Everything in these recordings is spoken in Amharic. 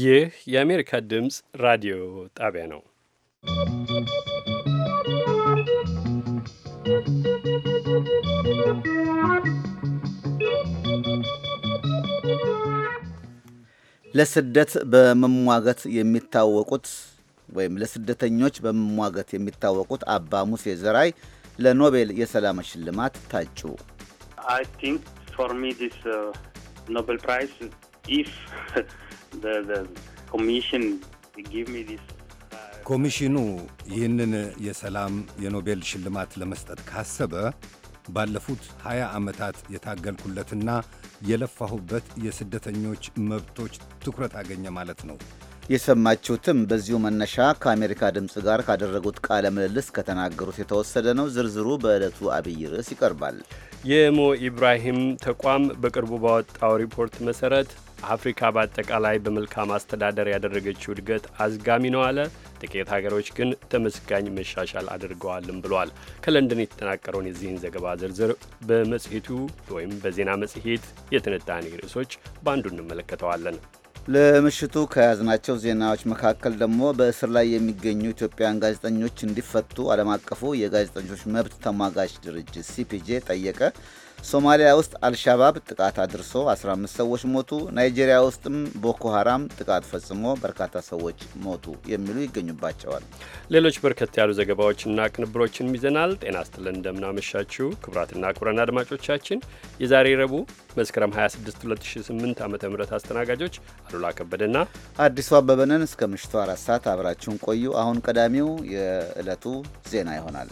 ይህ የአሜሪካ ድምፅ ራዲዮ ጣቢያ ነው። ለስደት በመሟገት የሚታወቁት ወይም ለስደተኞች በመሟገት የሚታወቁት አባ ሙሴ ዘራይ ለኖቤል የሰላም ሽልማት ታጩ። ኖቤል ፕራይስ ኢፍ Uh, ኮሚሽኑ ይህንን የሰላም የኖቤል ሽልማት ለመስጠት ካሰበ ባለፉት 20 ዓመታት የታገልኩለትና የለፋሁበት የስደተኞች መብቶች ትኩረት አገኘ ማለት ነው። የሰማችሁትም በዚሁ መነሻ ከአሜሪካ ድምፅ ጋር ካደረጉት ቃለ ምልልስ ከተናገሩት የተወሰደ ነው። ዝርዝሩ በዕለቱ አብይ ርዕስ ይቀርባል። የሞ ኢብራሂም ተቋም በቅርቡ ባወጣው ሪፖርት መሠረት አፍሪካ በአጠቃላይ በመልካም አስተዳደር ያደረገችው እድገት አዝጋሚ ነው አለ። ጥቂት ሀገሮች ግን ተመስጋኝ መሻሻል አድርገዋልም ብሏል። ከለንደን የተጠናቀረውን የዚህን ዘገባ ዝርዝር በመጽሔቱ ወይም በዜና መጽሔት የትንታኔ ርዕሶች በአንዱ እንመለከተዋለን። ለምሽቱ ከያዝናቸው ዜናዎች መካከል ደግሞ በእስር ላይ የሚገኙ ኢትዮጵያውያን ጋዜጠኞች እንዲፈቱ ዓለም አቀፉ የጋዜጠኞች መብት ተሟጋች ድርጅት ሲፒጄ ጠየቀ። ሶማሊያ ውስጥ አልሻባብ ጥቃት አድርሶ 15 ሰዎች ሞቱ። ናይጄሪያ ውስጥም ቦኮ ሀራም ጥቃት ፈጽሞ በርካታ ሰዎች ሞቱ የሚሉ ይገኙባቸዋል። ሌሎች በርከት ያሉ ዘገባዎችና ቅንብሮችንም ይዘናል። ጤና ስትልን እንደምናመሻችሁ ክቡራትና ክቡራን አድማጮቻችን የዛሬ ረቡዕ መስከረም 26 2008 ዓ ም አስተናጋጆች አሉላ ከበደና አዲሱ አበበነን እስከ ምሽቱ አራት ሰዓት አብራችሁን ቆዩ። አሁን ቀዳሚው የዕለቱ ዜና ይሆናል።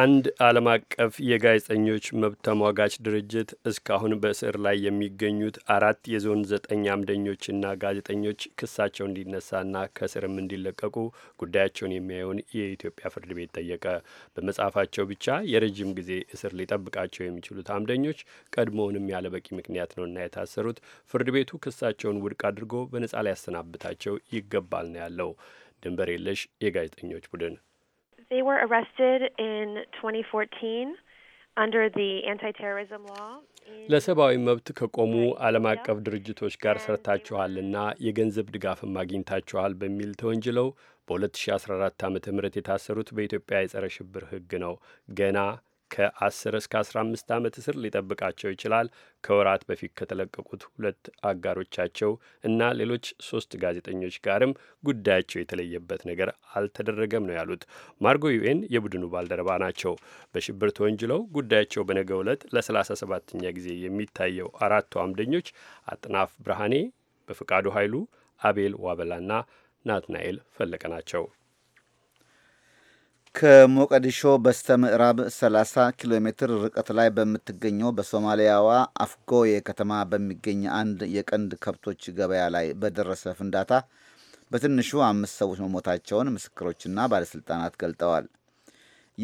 አንድ ዓለም አቀፍ የጋዜጠኞች መብት ተሟጋች ድርጅት እስካሁን በእስር ላይ የሚገኙት አራት የዞን ዘጠኝ አምደኞችና ጋዜጠኞች ክሳቸው እንዲነሳና ከእስርም እንዲለቀቁ ጉዳያቸውን የሚያየውን የኢትዮጵያ ፍርድ ቤት ጠየቀ። በመጻፋቸው ብቻ የረዥም ጊዜ እስር ሊጠብቃቸው የሚችሉት አምደኞች ቀድሞውንም በቂ ምክንያት ነውና የታሰሩት ፍርድ ቤቱ ክሳቸውን ውድቅ አድርጎ በነጻ ሊያሰናብታቸው ይገባል ነው ያለው ድንበር የለሽ የጋዜጠኞች ቡድን። They were arrested in 2014 under the anti-terrorism law. ለሰብአዊ መብት ከቆሙ ዓለም አቀፍ ድርጅቶች ጋር ሰርታችኋልና የገንዘብ ድጋፍም ማግኝታችኋል በሚል ተወንጅለው በ2014 ዓ ም የታሰሩት በኢትዮጵያ የጸረ ሽብር ሕግ ነው። ገና ከ10 እስከ 15 ዓመት እስር ሊጠብቃቸው ይችላል። ከወራት በፊት ከተለቀቁት ሁለት አጋሮቻቸው እና ሌሎች ሶስት ጋዜጠኞች ጋርም ጉዳያቸው የተለየበት ነገር አልተደረገም ነው ያሉት። ማርጎ ዩኤን የቡድኑ ባልደረባ ናቸው። በሽብር ተወንጅለው ጉዳያቸው በነገ ዕለት ለ37ኛ ጊዜ የሚታየው አራቱ አምደኞች አጥናፍ ብርሃኔ፣ በፍቃዱ ኃይሉ፣ አቤል ዋበላና ናትናኤል ፈለቀ ናቸው። ከሞቀዲሾ በስተ ምዕራብ 30 ኪሎ ሜትር ርቀት ላይ በምትገኘው በሶማሊያዋ አፍጎዬ ከተማ በሚገኝ አንድ የቀንድ ከብቶች ገበያ ላይ በደረሰ ፍንዳታ በትንሹ አምስት ሰዎች መሞታቸውን ምስክሮችና ባለሥልጣናት ገልጠዋል።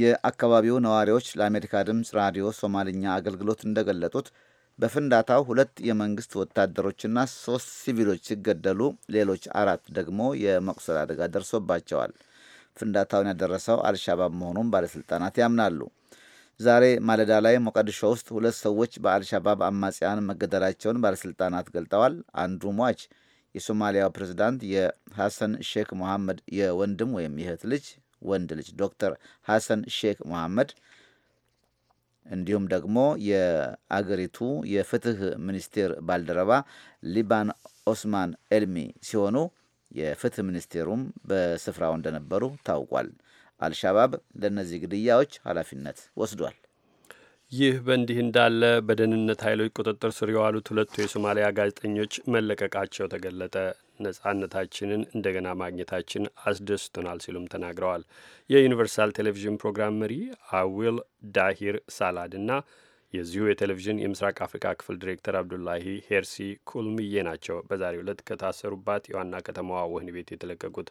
የአካባቢው ነዋሪዎች ለአሜሪካ ድምፅ ራዲዮ ሶማልኛ አገልግሎት እንደገለጡት በፍንዳታው ሁለት የመንግስት ወታደሮችና ሶስት ሲቪሎች ሲገደሉ ሌሎች አራት ደግሞ የመቁሰል አደጋ ደርሶባቸዋል። ፍንዳታውን ያደረሰው አልሻባብ መሆኑን ባለሥልጣናት ያምናሉ። ዛሬ ማለዳ ላይ ሞቃዲሾ ውስጥ ሁለት ሰዎች በአልሻባብ አማጽያን መገደላቸውን ባለሥልጣናት ገልጠዋል። አንዱ ሟች የሶማሊያው ፕሬዚዳንት የሐሰን ሼክ መሐመድ የወንድም ወይም የእህት ልጅ ወንድ ልጅ ዶክተር ሐሰን ሼክ መሐመድ እንዲሁም ደግሞ የአገሪቱ የፍትህ ሚኒስቴር ባልደረባ ሊባን ኦስማን ኤልሚ ሲሆኑ የፍትህ ሚኒስቴሩም በስፍራው እንደነበሩ ታውቋል። አልሻባብ ለእነዚህ ግድያዎች ኃላፊነት ወስዷል። ይህ በእንዲህ እንዳለ በደህንነት ኃይሎች ቁጥጥር ስር የዋሉት ሁለቱ የሶማሊያ ጋዜጠኞች መለቀቃቸው ተገለጠ። ነጻነታችንን እንደገና ማግኘታችን አስደስቶናል ሲሉም ተናግረዋል። የዩኒቨርሳል ቴሌቪዥን ፕሮግራም መሪ አዊል ዳሂር ሳላድ እና የዚሁ የቴሌቪዥን የምስራቅ አፍሪካ ክፍል ዲሬክተር አብዱላሂ ሄርሲ ኩልምዬ ናቸው። በዛሬው ዕለት ከታሰሩባት የዋና ከተማዋ ወህኒ ቤት የተለቀቁት።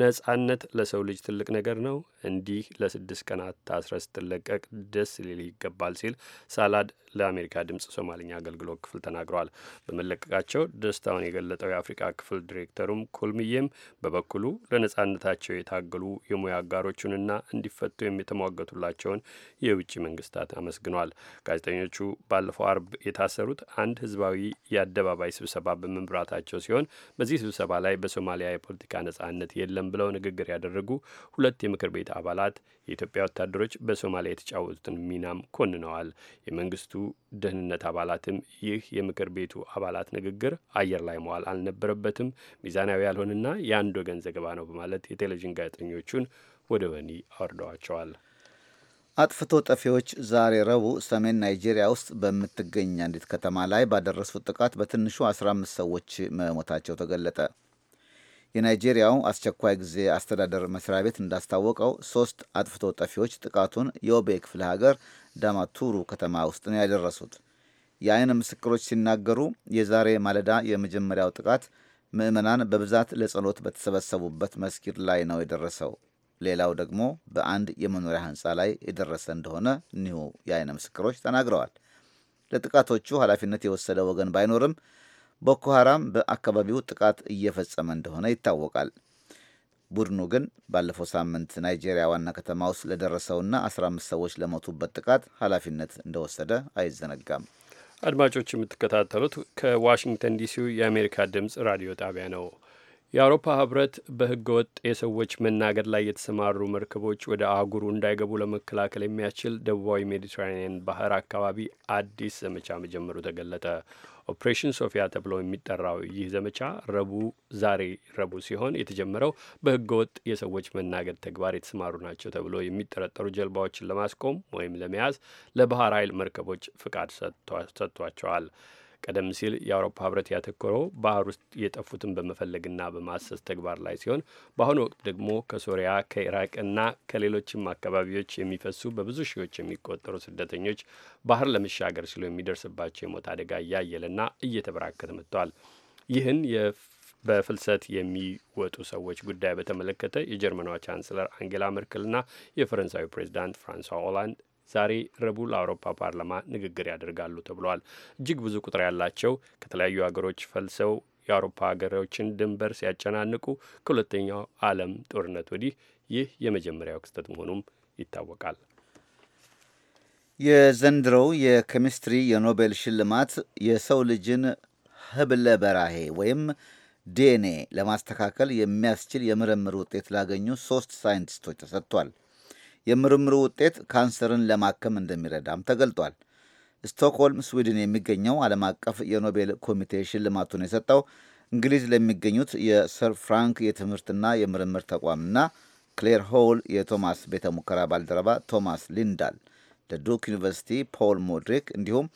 ነጻነት ለሰው ልጅ ትልቅ ነገር ነው። እንዲህ ለስድስት ቀናት ታስረ ስትለቀቅ ደስ ሊል ይገባል ሲል ሳላድ ለአሜሪካ ድምጽ ሶማልኛ አገልግሎት ክፍል ተናግረዋል። በመለቀቃቸው ደስታውን የገለጠው የአፍሪካ ክፍል ዲሬክተሩም ኩልምዬም በበኩሉ ለነጻነታቸው የታገሉ የሙያ አጋሮቹንና እንዲፈቱ የሚተሟገቱላቸውን የውጭ መንግስታት አመስግኗል። ጋዜጠኞቹ ባለፈው አርብ የታሰሩት አንድ ህዝባዊ የአደባባይ ስብሰባ በመምራታቸው ሲሆን በዚህ ስብሰባ ላይ በሶማሊያ የፖለቲካ ነጻነት የለም ብለው ንግግር ያደረጉ ሁለት የምክር ቤት አባላት የኢትዮጵያ ወታደሮች በሶማሊያ የተጫወቱትን ሚናም ኮንነዋል። የመንግስቱ ደህንነት አባላትም ይህ የምክር ቤቱ አባላት ንግግር አየር ላይ መዋል አልነበረበትም፣ ሚዛናዊ ያልሆነና የአንድ ወገን ዘገባ ነው በማለት የቴሌቪዥን ጋዜጠኞቹን ወደ ወኒ አወርደዋቸዋል። አጥፍቶ ጠፊዎች ዛሬ ረቡዕ ሰሜን ናይጄሪያ ውስጥ በምትገኝ አንዲት ከተማ ላይ ባደረሱት ጥቃት በትንሹ 15 ሰዎች መሞታቸው ተገለጠ። የናይጄሪያው አስቸኳይ ጊዜ አስተዳደር መስሪያ ቤት እንዳስታወቀው ሶስት አጥፍቶ ጠፊዎች ጥቃቱን የኦቤ ክፍለ ሀገር ዳማቱሩ ከተማ ውስጥ ነው ያደረሱት። የአይን ምስክሮች ሲናገሩ የዛሬ ማለዳ የመጀመሪያው ጥቃት ምዕመናን በብዛት ለጸሎት በተሰበሰቡበት መስጊድ ላይ ነው የደረሰው። ሌላው ደግሞ በአንድ የመኖሪያ ህንፃ ላይ የደረሰ እንደሆነ እኒሁ የአይነ ምስክሮች ተናግረዋል። ለጥቃቶቹ ኃላፊነት የወሰደ ወገን ባይኖርም ቦኮ ሐራም በአካባቢው ጥቃት እየፈጸመ እንደሆነ ይታወቃል። ቡድኑ ግን ባለፈው ሳምንት ናይጄሪያ ዋና ከተማ ውስጥ ለደረሰውና 15 ሰዎች ለሞቱበት ጥቃት ኃላፊነት እንደወሰደ አይዘነጋም። አድማጮች የምትከታተሉት ከዋሽንግተን ዲሲው የአሜሪካ ድምፅ ራዲዮ ጣቢያ ነው። የአውሮፓ ህብረት በህገ ወጥ የሰዎች መናገድ ላይ የተሰማሩ መርከቦች ወደ አህጉሩ እንዳይገቡ ለመከላከል የሚያስችል ደቡባዊ ሜዲትራኒያን ባህር አካባቢ አዲስ ዘመቻ መጀመሩ ተገለጠ። ኦፕሬሽን ሶፊያ ተብሎ የሚጠራው ይህ ዘመቻ ረቡ ዛሬ ረቡ ሲሆን የተጀመረው በህገ ወጥ የሰዎች መናገድ ተግባር የተሰማሩ ናቸው ተብሎ የሚጠረጠሩ ጀልባዎችን ለማስቆም ወይም ለመያዝ ለባህር ኃይል መርከቦች ፍቃድ ሰጥቷቸዋል። ቀደም ሲል የአውሮፓ ህብረት ያተኮረው ባህር ውስጥ የጠፉትን በመፈለግና በማሰስ ተግባር ላይ ሲሆን በአሁኑ ወቅት ደግሞ ከሶሪያ ከኢራቅና ከሌሎችም አካባቢዎች የሚፈሱ በብዙ ሺዎች የሚቆጠሩ ስደተኞች ባህር ለመሻገር ሲሉ የሚደርስባቸው የሞት አደጋ እያየለና እየተበራከተ መጥተዋል። ይህን በፍልሰት የሚወጡ ሰዎች ጉዳይ በተመለከተ የጀርመኗ ቻንስለር አንጌላ መርክልና የፈረንሳዊ ፕሬዚዳንት ፍራንሷ ኦላንድ ዛሬ ረቡዕ ለአውሮፓ ፓርላማ ንግግር ያደርጋሉ ተብሏል። እጅግ ብዙ ቁጥር ያላቸው ከተለያዩ ሀገሮች ፈልሰው የአውሮፓ ሀገሮችን ድንበር ሲያጨናንቁ ከሁለተኛው ዓለም ጦርነት ወዲህ ይህ የመጀመሪያው ክስተት መሆኑም ይታወቃል። የዘንድሮው የኬሚስትሪ የኖቤል ሽልማት የሰው ልጅን ህብለ በራሄ ወይም ዴኔ ለማስተካከል የሚያስችል የምርምር ውጤት ላገኙ ሶስት ሳይንቲስቶች ተሰጥቷል። የምርምሩ ውጤት ካንሰርን ለማከም እንደሚረዳም ተገልጧል። ስቶክሆልም ስዊድን የሚገኘው ዓለም አቀፍ የኖቤል ኮሚቴ ሽልማቱን የሰጠው እንግሊዝ ለሚገኙት የሰር ፍራንክ የትምህርትና የምርምር ተቋምና ክሌር ሆል የቶማስ ቤተ ሙከራ ባልደረባ ቶማስ ሊንዳል፣ ደዱክ ዩኒቨርሲቲ ፖል ሞድሪክ እንዲሁም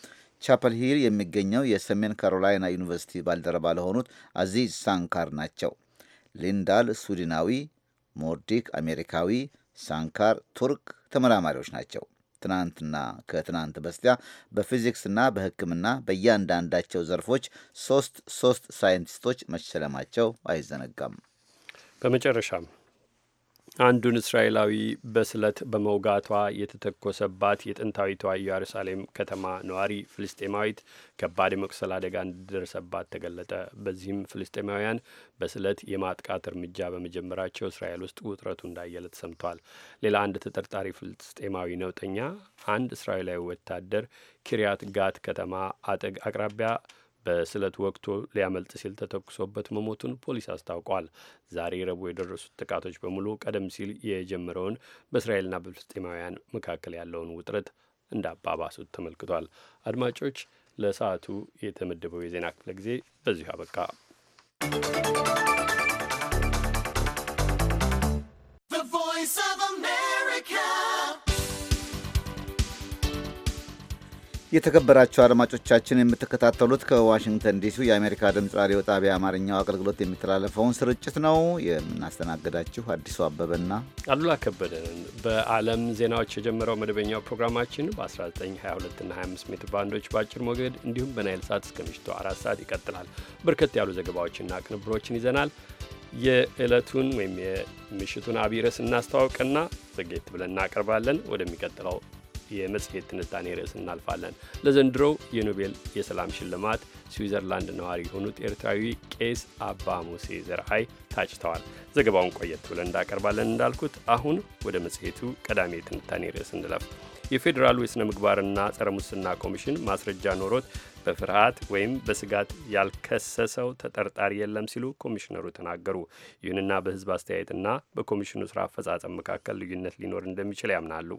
ቻፐል ሂል የሚገኘው የሰሜን ካሮላይና ዩኒቨርሲቲ ባልደረባ ለሆኑት አዚዝ ሳንካር ናቸው። ሊንዳል ስዊድናዊ፣ ሞርዲክ አሜሪካዊ ሳንካር ቱርክ ተመራማሪዎች ናቸው። ትናንትና ከትናንት በስቲያ በፊዚክስና በሕክምና በእያንዳንዳቸው ዘርፎች ሶስት ሶስት ሳይንቲስቶች መሸለማቸው አይዘነጋም። በመጨረሻም አንዱን እስራኤላዊ በስለት በመውጋቷ የተተኮሰባት የጥንታዊቷ ኢየሩሳሌም ከተማ ነዋሪ ፍልስጤማዊት ከባድ የመቁሰል አደጋ እንደደረሰባት ተገለጠ። በዚህም ፍልስጤማውያን በስለት የማጥቃት እርምጃ በመጀመራቸው እስራኤል ውስጥ ውጥረቱ እንዳየለ ተሰምቷል። ሌላ አንድ ተጠርጣሪ ፍልስጤማዊ ነውጠኛ አንድ እስራኤላዊ ወታደር ኪሪያት ጋት ከተማ አጠግ አቅራቢያ በስለት ወቅቱ ሊያመልጥ ሲል ተተኩሶበት መሞቱን ፖሊስ አስታውቋል። ዛሬ ረቡዕ የደረሱት ጥቃቶች በሙሉ ቀደም ሲል የጀመረውን በእስራኤልና በፍልስጤማውያን መካከል ያለውን ውጥረት እንዳባባሱት ተመልክቷል። አድማጮች፣ ለሰዓቱ የተመደበው የዜና ክፍለ ጊዜ በዚሁ አበቃ። የተከበራቸው አድማጮቻችን የምትከታተሉት ከዋሽንግተን ዲሲ የአሜሪካ ድምፅ ራዲዮ ጣቢያ አማርኛው አገልግሎት የሚተላለፈውን ስርጭት ነው። የምናስተናግዳችሁ አዲሱ አበበና አሉላ ከበደንን። በዓለም ዜናዎች የጀመረው መደበኛው ፕሮግራማችን በ1922 እና 25 ሜትር ባንዶች በአጭር ሞገድ እንዲሁም በናይል ሰዓት እስከ ምሽቱ አራት ሰዓት ይቀጥላል። በርከት ያሉ ዘገባዎችና ቅንብሮችን ይዘናል። የዕለቱን ወይም የምሽቱን አብይ ርዕስ እናስተዋውቅና ዘጌት ብለን እናቀርባለን። ወደሚቀጥለው የመጽሔት ትንታኔ ርዕስ እናልፋለን። ለዘንድሮ የኖቤል የሰላም ሽልማት ስዊዘርላንድ ነዋሪ የሆኑት ኤርትራዊ ቄስ አባ ሙሴ ዘርአይ ታጭተዋል። ዘገባውን ቆየት ብለን እንዳቀርባለን። እንዳልኩት አሁን ወደ መጽሔቱ ቀዳሚ የትንታኔ ርዕስ እንለፍ። የፌዴራሉ የሥነ ምግባርና ጸረ ሙስና ኮሚሽን ማስረጃ ኖሮት በፍርሃት ወይም በስጋት ያልከሰሰው ተጠርጣሪ የለም ሲሉ ኮሚሽነሩ ተናገሩ። ይሁንና በህዝብ አስተያየትና በኮሚሽኑ ስራ አፈጻጸም መካከል ልዩነት ሊኖር እንደሚችል ያምናሉ።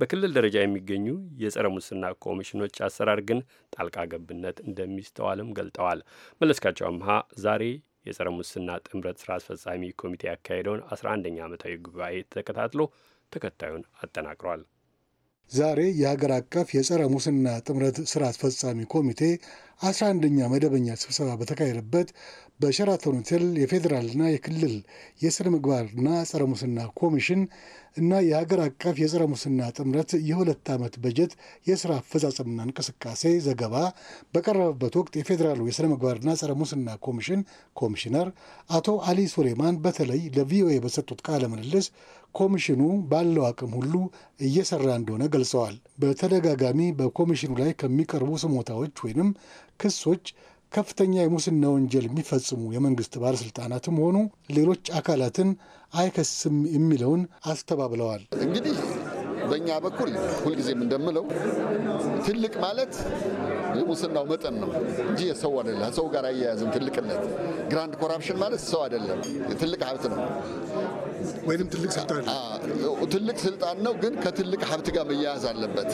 በክልል ደረጃ የሚገኙ የጸረ ሙስና ኮሚሽኖች አሰራር ግን ጣልቃ ገብነት እንደሚስተዋልም ገልጠዋል። መለስካቸው አምሃ ዛሬ የጸረ ሙስና ጥምረት ስራ አስፈጻሚ ኮሚቴ ያካሄደውን 11ኛ ዓመታዊ ጉባኤ ተከታትሎ ተከታዩን አጠናቅሯል። ዛሬ የሀገር አቀፍ የጸረ ሙስና ጥምረት ስራ አስፈጻሚ ኮሚቴ አስራ አንደኛ መደበኛ ስብሰባ በተካሄደበት በሸራተን ሆቴል የፌዴራልና የክልል የስነ ምግባርና ጸረ ሙስና ኮሚሽን እና የሀገር አቀፍ የጸረ ሙስና ጥምረት የሁለት ዓመት በጀት የስራ አፈጻጸምና እንቅስቃሴ ዘገባ በቀረበበት ወቅት የፌዴራሉ የሥነ ምግባርና ጸረ ሙስና ኮሚሽን ኮሚሽነር አቶ አሊ ሱሌማን በተለይ ለቪኦኤ በሰጡት ቃለ ምልልስ ኮሚሽኑ ባለው አቅም ሁሉ እየሰራ እንደሆነ ገልጸዋል። በተደጋጋሚ በኮሚሽኑ ላይ ከሚቀርቡ ስሞታዎች ወይንም ክሶች ከፍተኛ የሙስና ወንጀል የሚፈጽሙ የመንግስት ባለስልጣናትም ሆኑ ሌሎች አካላትን አይከስም የሚለውን አስተባብለዋል። እንግዲህ በእኛ በኩል ሁልጊዜም እንደምለው ትልቅ ማለት የሙስናው መጠን ነው እንጂ የሰው አይደለም። ሰው ጋር አያያዝም ትልቅነት ግራንድ ኮራፕሽን ማለት ሰው አይደለም፣ ትልቅ ሀብት ነው። ወይም ትልቅ ስልጣን ትልቅ ስልጣን ነው፣ ግን ከትልቅ ሀብት ጋር መያያዝ አለበት።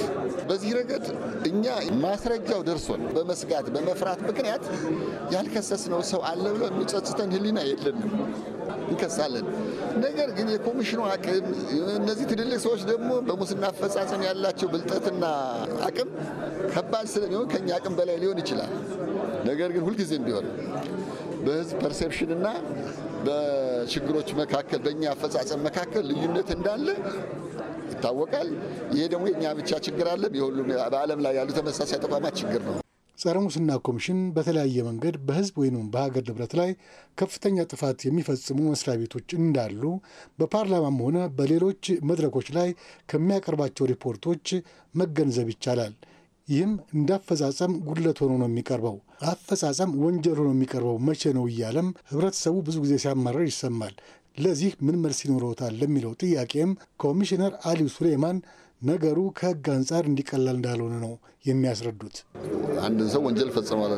በዚህ ረገድ እኛ ማስረጃው ደርሶን በመስጋት በመፍራት ምክንያት ያልከሰስነው ሰው አለ ብሎ የሚጸጽተን ህሊና የለንም። እንከሳለን። ነገር ግን የኮሚሽኑ አቅም፣ እነዚህ ትልልቅ ሰዎች ደግሞ በሙስና አፈጻጸም ያላቸው ብልጠትና አቅም ከባድ ስለሚሆን ከኛ አቅም በላይ ሊሆን ይችላል። ነገር ግን ሁልጊዜም ቢሆን በህዝብ ፐርሴፕሽንና በችግሮች መካከል በእኛ አፈጻጸም መካከል ልዩነት እንዳለ ይታወቃል። ይሄ ደግሞ የእኛ ብቻ ችግር አለም የሁሉም በዓለም ላይ ያሉ ተመሳሳይ ተቋማት ችግር ነው። ጸረ ሙስና ኮሚሽን በተለያየ መንገድ በህዝብ ወይም በሀገር ንብረት ላይ ከፍተኛ ጥፋት የሚፈጽሙ መስሪያ ቤቶች እንዳሉ በፓርላማም ሆነ በሌሎች መድረኮች ላይ ከሚያቀርባቸው ሪፖርቶች መገንዘብ ይቻላል። ይህም እንዳፈጻጸም ጉድለት ሆኖ ነው የሚቀርበው። አፈጻጸም ወንጀል ሆኖ የሚቀርበው መቼ ነው እያለም ህብረተሰቡ ብዙ ጊዜ ሲያማረር ይሰማል። ለዚህ ምን መልስ ይኖረውታል ለሚለው ጥያቄም ኮሚሽነር አሊ ሱሌማን ነገሩ ከህግ አንጻር እንዲቀላል እንዳልሆነ ነው የሚያስረዱት። አንድን ሰው ወንጀል ፈጽሟል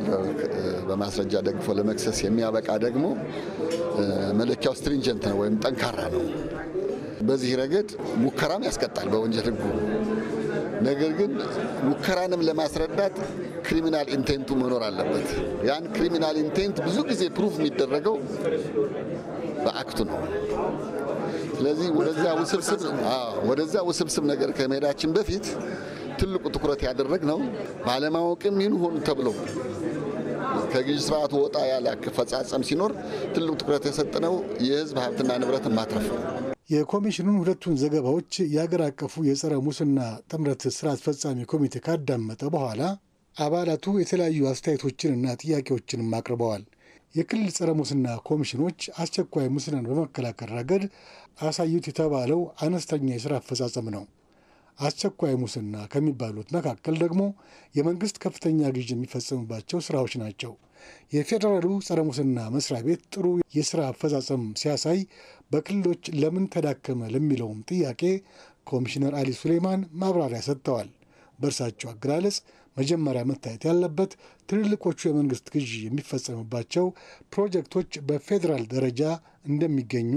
በማስረጃ ደግፎ ለመክሰስ የሚያበቃ ደግሞ መለኪያው ስትሪንጀንት ነው ወይም ጠንካራ ነው። በዚህ ረገድ ሙከራም ያስቀጣል በወንጀል ህጉ ነገር ግን ሙከራንም ለማስረዳት ክሪሚናል ኢንቴንቱ መኖር አለበት። ያን ክሪሚናል ኢንቴንት ብዙ ጊዜ ፕሩፍ የሚደረገው በአክቱ ነው። ስለዚህ ወደዛ ውስብስብ ነገር ከመሄዳችን በፊት ትልቁ ትኩረት ያደረግ ነው ባለማወቅም ይንሆን ተብሎ ከግዥ ስርዓቱ ወጣ ያለ አፈጻጸም ሲኖር ትልቁ ትኩረት የሰጠነው የህዝብ ሀብትና ንብረትን ማትረፍ ነው። የኮሚሽኑን ሁለቱን ዘገባዎች የአገር አቀፉ የጸረ ሙስና ጥምረት ስራ አስፈጻሚ ኮሚቴ ካዳመጠ በኋላ አባላቱ የተለያዩ አስተያየቶችንና ጥያቄዎችንም አቅርበዋል። የክልል ጸረ ሙስና ኮሚሽኖች አስቸኳይ ሙስናን በመከላከል ረገድ አሳዩት የተባለው አነስተኛ የሥራ አፈጻጸም ነው። አስቸኳይ ሙስና ከሚባሉት መካከል ደግሞ የመንግሥት ከፍተኛ ግዥ የሚፈጸምባቸው ሥራዎች ናቸው። የፌዴራሉ ጸረ ሙስና መስሪያ ቤት ጥሩ የሥራ አፈጻጸም ሲያሳይ በክልሎች ለምን ተዳከመ ለሚለውም ጥያቄ ኮሚሽነር አሊ ሱሌማን ማብራሪያ ሰጥተዋል። በእርሳቸው አገላለጽ መጀመሪያ መታየት ያለበት ትልልቆቹ የመንግስት ግዢ የሚፈጸምባቸው ፕሮጀክቶች በፌዴራል ደረጃ እንደሚገኙ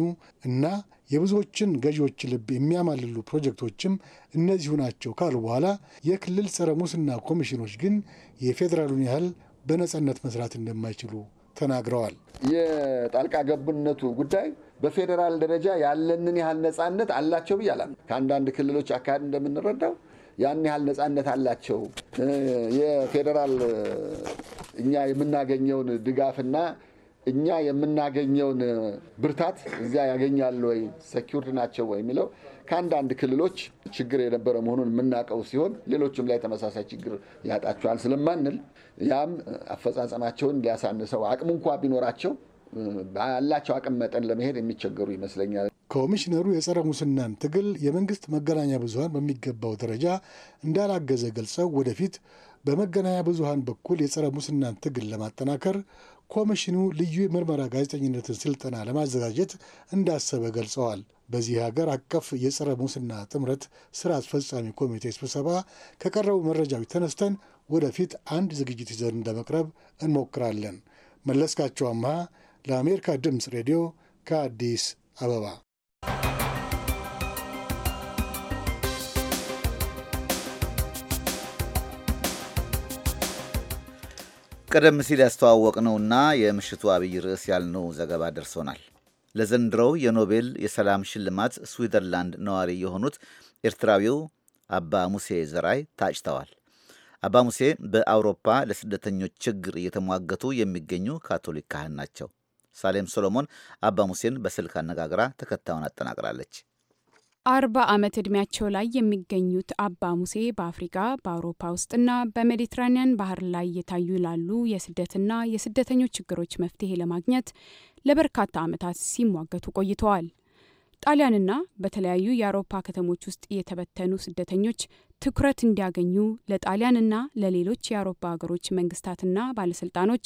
እና የብዙዎችን ገዢዎች ልብ የሚያማልሉ ፕሮጀክቶችም እነዚሁ ናቸው ካሉ በኋላ የክልል ጸረ ሙስና ኮሚሽኖች ግን የፌዴራሉን ያህል በነፃነት መስራት እንደማይችሉ ተናግረዋል። የጣልቃ ገብነቱ ጉዳይ በፌዴራል ደረጃ ያለንን ያህል ነፃነት አላቸው ብዬ አላም። ከአንዳንድ ክልሎች አካሄድ እንደምንረዳው ያን ያህል ነፃነት አላቸው። የፌዴራል እኛ የምናገኘውን ድጋፍና እኛ የምናገኘውን ብርታት እዚያ ያገኛሉ ወይ፣ ሴኪርድ ናቸው ወይ የሚለው ከአንዳንድ ክልሎች ችግር የነበረ መሆኑን የምናውቀው ሲሆን ሌሎችም ላይ ተመሳሳይ ችግር ያጣቸዋል ስለማንል ያም አፈጻጸማቸውን ሊያሳንሰው አቅም እንኳ ቢኖራቸው ባላቸው አቅም መጠን ለመሄድ የሚቸገሩ ይመስለኛል። ኮሚሽነሩ የጸረ ሙስናን ትግል የመንግስት መገናኛ ብዙሀን በሚገባው ደረጃ እንዳላገዘ ገልጸው ወደፊት በመገናኛ ብዙሀን በኩል የጸረ ሙስናን ትግል ለማጠናከር ኮሚሽኑ ልዩ የምርመራ ጋዜጠኝነትን ስልጠና ለማዘጋጀት እንዳሰበ ገልጸዋል። በዚህ ሀገር አቀፍ የጸረ ሙስና ጥምረት ስራ አስፈጻሚ ኮሚቴ ስብሰባ ከቀረቡ መረጃዎች ተነስተን ወደፊት አንድ ዝግጅት ይዘን ለመቅረብ እንሞክራለን። መለስካቸው አምሃ ለአሜሪካ ድምፅ ሬዲዮ ከአዲስ አበባ ቀደም ሲል ያስተዋወቅነውና የምሽቱ አብይ ርዕስ ያልነው ዘገባ ደርሶናል። ለዘንድሮው የኖቤል የሰላም ሽልማት ስዊዘርላንድ ነዋሪ የሆኑት ኤርትራዊው አባ ሙሴ ዘራይ ታጭተዋል። አባ ሙሴ በአውሮፓ ለስደተኞች ችግር እየተሟገቱ የሚገኙ ካቶሊክ ካህን ናቸው። ሳሌም ሶሎሞን አባ ሙሴን በስልክ አነጋግራ ተከታዩን አጠናቅራለች። አርባ ዓመት ዕድሜያቸው ላይ የሚገኙት አባ ሙሴ በአፍሪካ በአውሮፓ ውስጥና በሜዲትራኒያን ባህር ላይ እየታዩ ላሉ የስደትና የስደተኞች ችግሮች መፍትሄ ለማግኘት ለበርካታ ዓመታት ሲሟገቱ ቆይተዋል። ጣሊያንና በተለያዩ የአውሮፓ ከተሞች ውስጥ የተበተኑ ስደተኞች ትኩረት እንዲያገኙ ለጣሊያንና ለሌሎች የአውሮፓ ሀገሮች መንግስታትና ባለስልጣኖች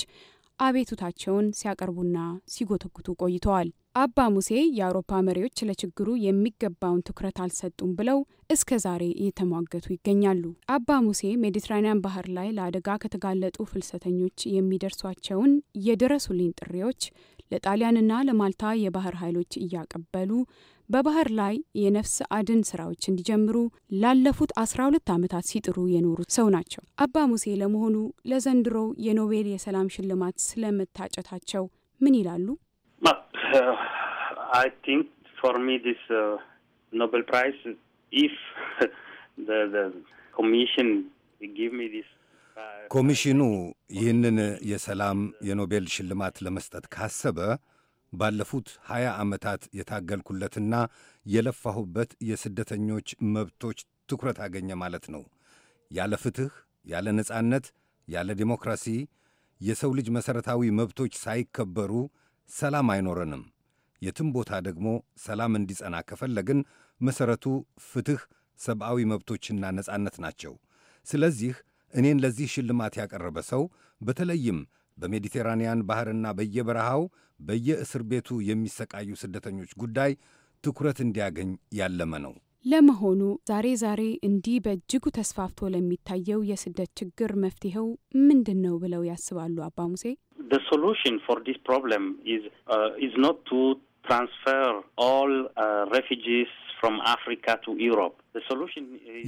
አቤቱታቸውን ሲያቀርቡና ሲጎተጉቱ ቆይተዋል። አባ ሙሴ የአውሮፓ መሪዎች ለችግሩ የሚገባውን ትኩረት አልሰጡም ብለው እስከ ዛሬ እየተሟገቱ ይገኛሉ። አባ ሙሴ ሜዲትራኒያን ባህር ላይ ለአደጋ ከተጋለጡ ፍልሰተኞች የሚደርሷቸውን የድረሱልኝ ጥሪዎች ለጣሊያንና ለማልታ የባህር ኃይሎች እያቀበሉ በባህር ላይ የነፍስ አድን ስራዎች እንዲጀምሩ ላለፉት 12 ዓመታት ሲጥሩ የኖሩ ሰው ናቸው። አባ ሙሴ ለመሆኑ ለዘንድሮው የኖቤል የሰላም ሽልማት ስለመታጨታቸው ምን ይላሉ? አይ ቲንክ ፎር ሚ ዲስ ኖቤል ፕራይስ ኢፍ ኮሚሽን ጊቭ ሚ ዲስ ኮሚሽኑ ይህንን የሰላም የኖቤል ሽልማት ለመስጠት ካሰበ ባለፉት ሀያ ዓመታት የታገልኩለትና የለፋሁበት የስደተኞች መብቶች ትኩረት አገኘ ማለት ነው። ያለ ፍትሕ፣ ያለ ነጻነት፣ ያለ ዲሞክራሲ የሰው ልጅ መሠረታዊ መብቶች ሳይከበሩ ሰላም አይኖረንም። የትም ቦታ ደግሞ ሰላም እንዲጸና ከፈለግን መሠረቱ ፍትሕ፣ ሰብአዊ መብቶችና ነጻነት ናቸው። ስለዚህ እኔን ለዚህ ሽልማት ያቀረበ ሰው በተለይም በሜዲቴራንያን ባሕርና በየበረሃው በየእስር ቤቱ የሚሰቃዩ ስደተኞች ጉዳይ ትኩረት እንዲያገኝ ያለመ ነው። ለመሆኑ ዛሬ ዛሬ እንዲህ በእጅጉ ተስፋፍቶ ለሚታየው የስደት ችግር መፍትሄው ምንድን ነው ብለው ያስባሉ አባ ሙሴ? ሶሉሽን ፎር ዲስ ፕሮብለም ኢዝ ኖት ቱ ትራንስፈር ኦል ሬፊጂስ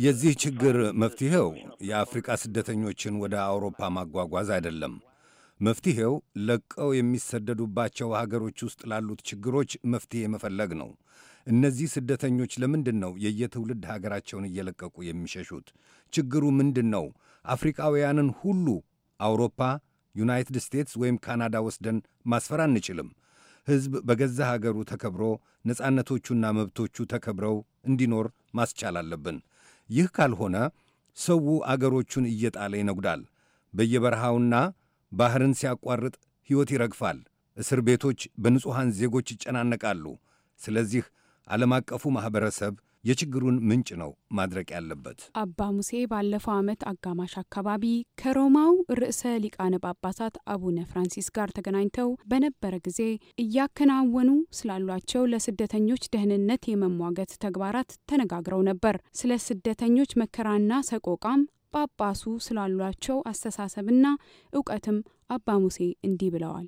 የዚህ ችግር መፍትሄው የአፍሪቃ ስደተኞችን ወደ አውሮፓ ማጓጓዝ አይደለም። መፍትሄው ለቀው የሚሰደዱባቸው ሀገሮች ውስጥ ላሉት ችግሮች መፍትሄ መፈለግ ነው። እነዚህ ስደተኞች ለምንድን ነው የየትውልድ ሀገራቸውን እየለቀቁ የሚሸሹት? ችግሩ ምንድን ነው? አፍሪቃውያንን ሁሉ አውሮፓ፣ ዩናይትድ ስቴትስ ወይም ካናዳ ወስደን ማስፈር አንችልም። ሕዝብ በገዛ ሀገሩ ተከብሮ ነጻነቶቹና መብቶቹ ተከብረው እንዲኖር ማስቻል አለብን። ይህ ካልሆነ ሰው አገሮቹን እየጣለ ይነጉዳል። በየበረሃውና ባህርን ሲያቋርጥ ሕይወት ይረግፋል። እስር ቤቶች በንጹሐን ዜጎች ይጨናነቃሉ። ስለዚህ ዓለም አቀፉ ማኅበረሰብ የችግሩን ምንጭ ነው ማድረቅ ያለበት። አባ ሙሴ ባለፈው ዓመት አጋማሽ አካባቢ ከሮማው ርዕሰ ሊቃነ ጳጳሳት አቡነ ፍራንሲስ ጋር ተገናኝተው በነበረ ጊዜ እያከናወኑ ስላሏቸው ለስደተኞች ደህንነት የመሟገት ተግባራት ተነጋግረው ነበር። ስለ ስደተኞች መከራና ሰቆቃም ጳጳሱ ስላሏቸው አስተሳሰብና እውቀትም አባ ሙሴ እንዲህ ብለዋል።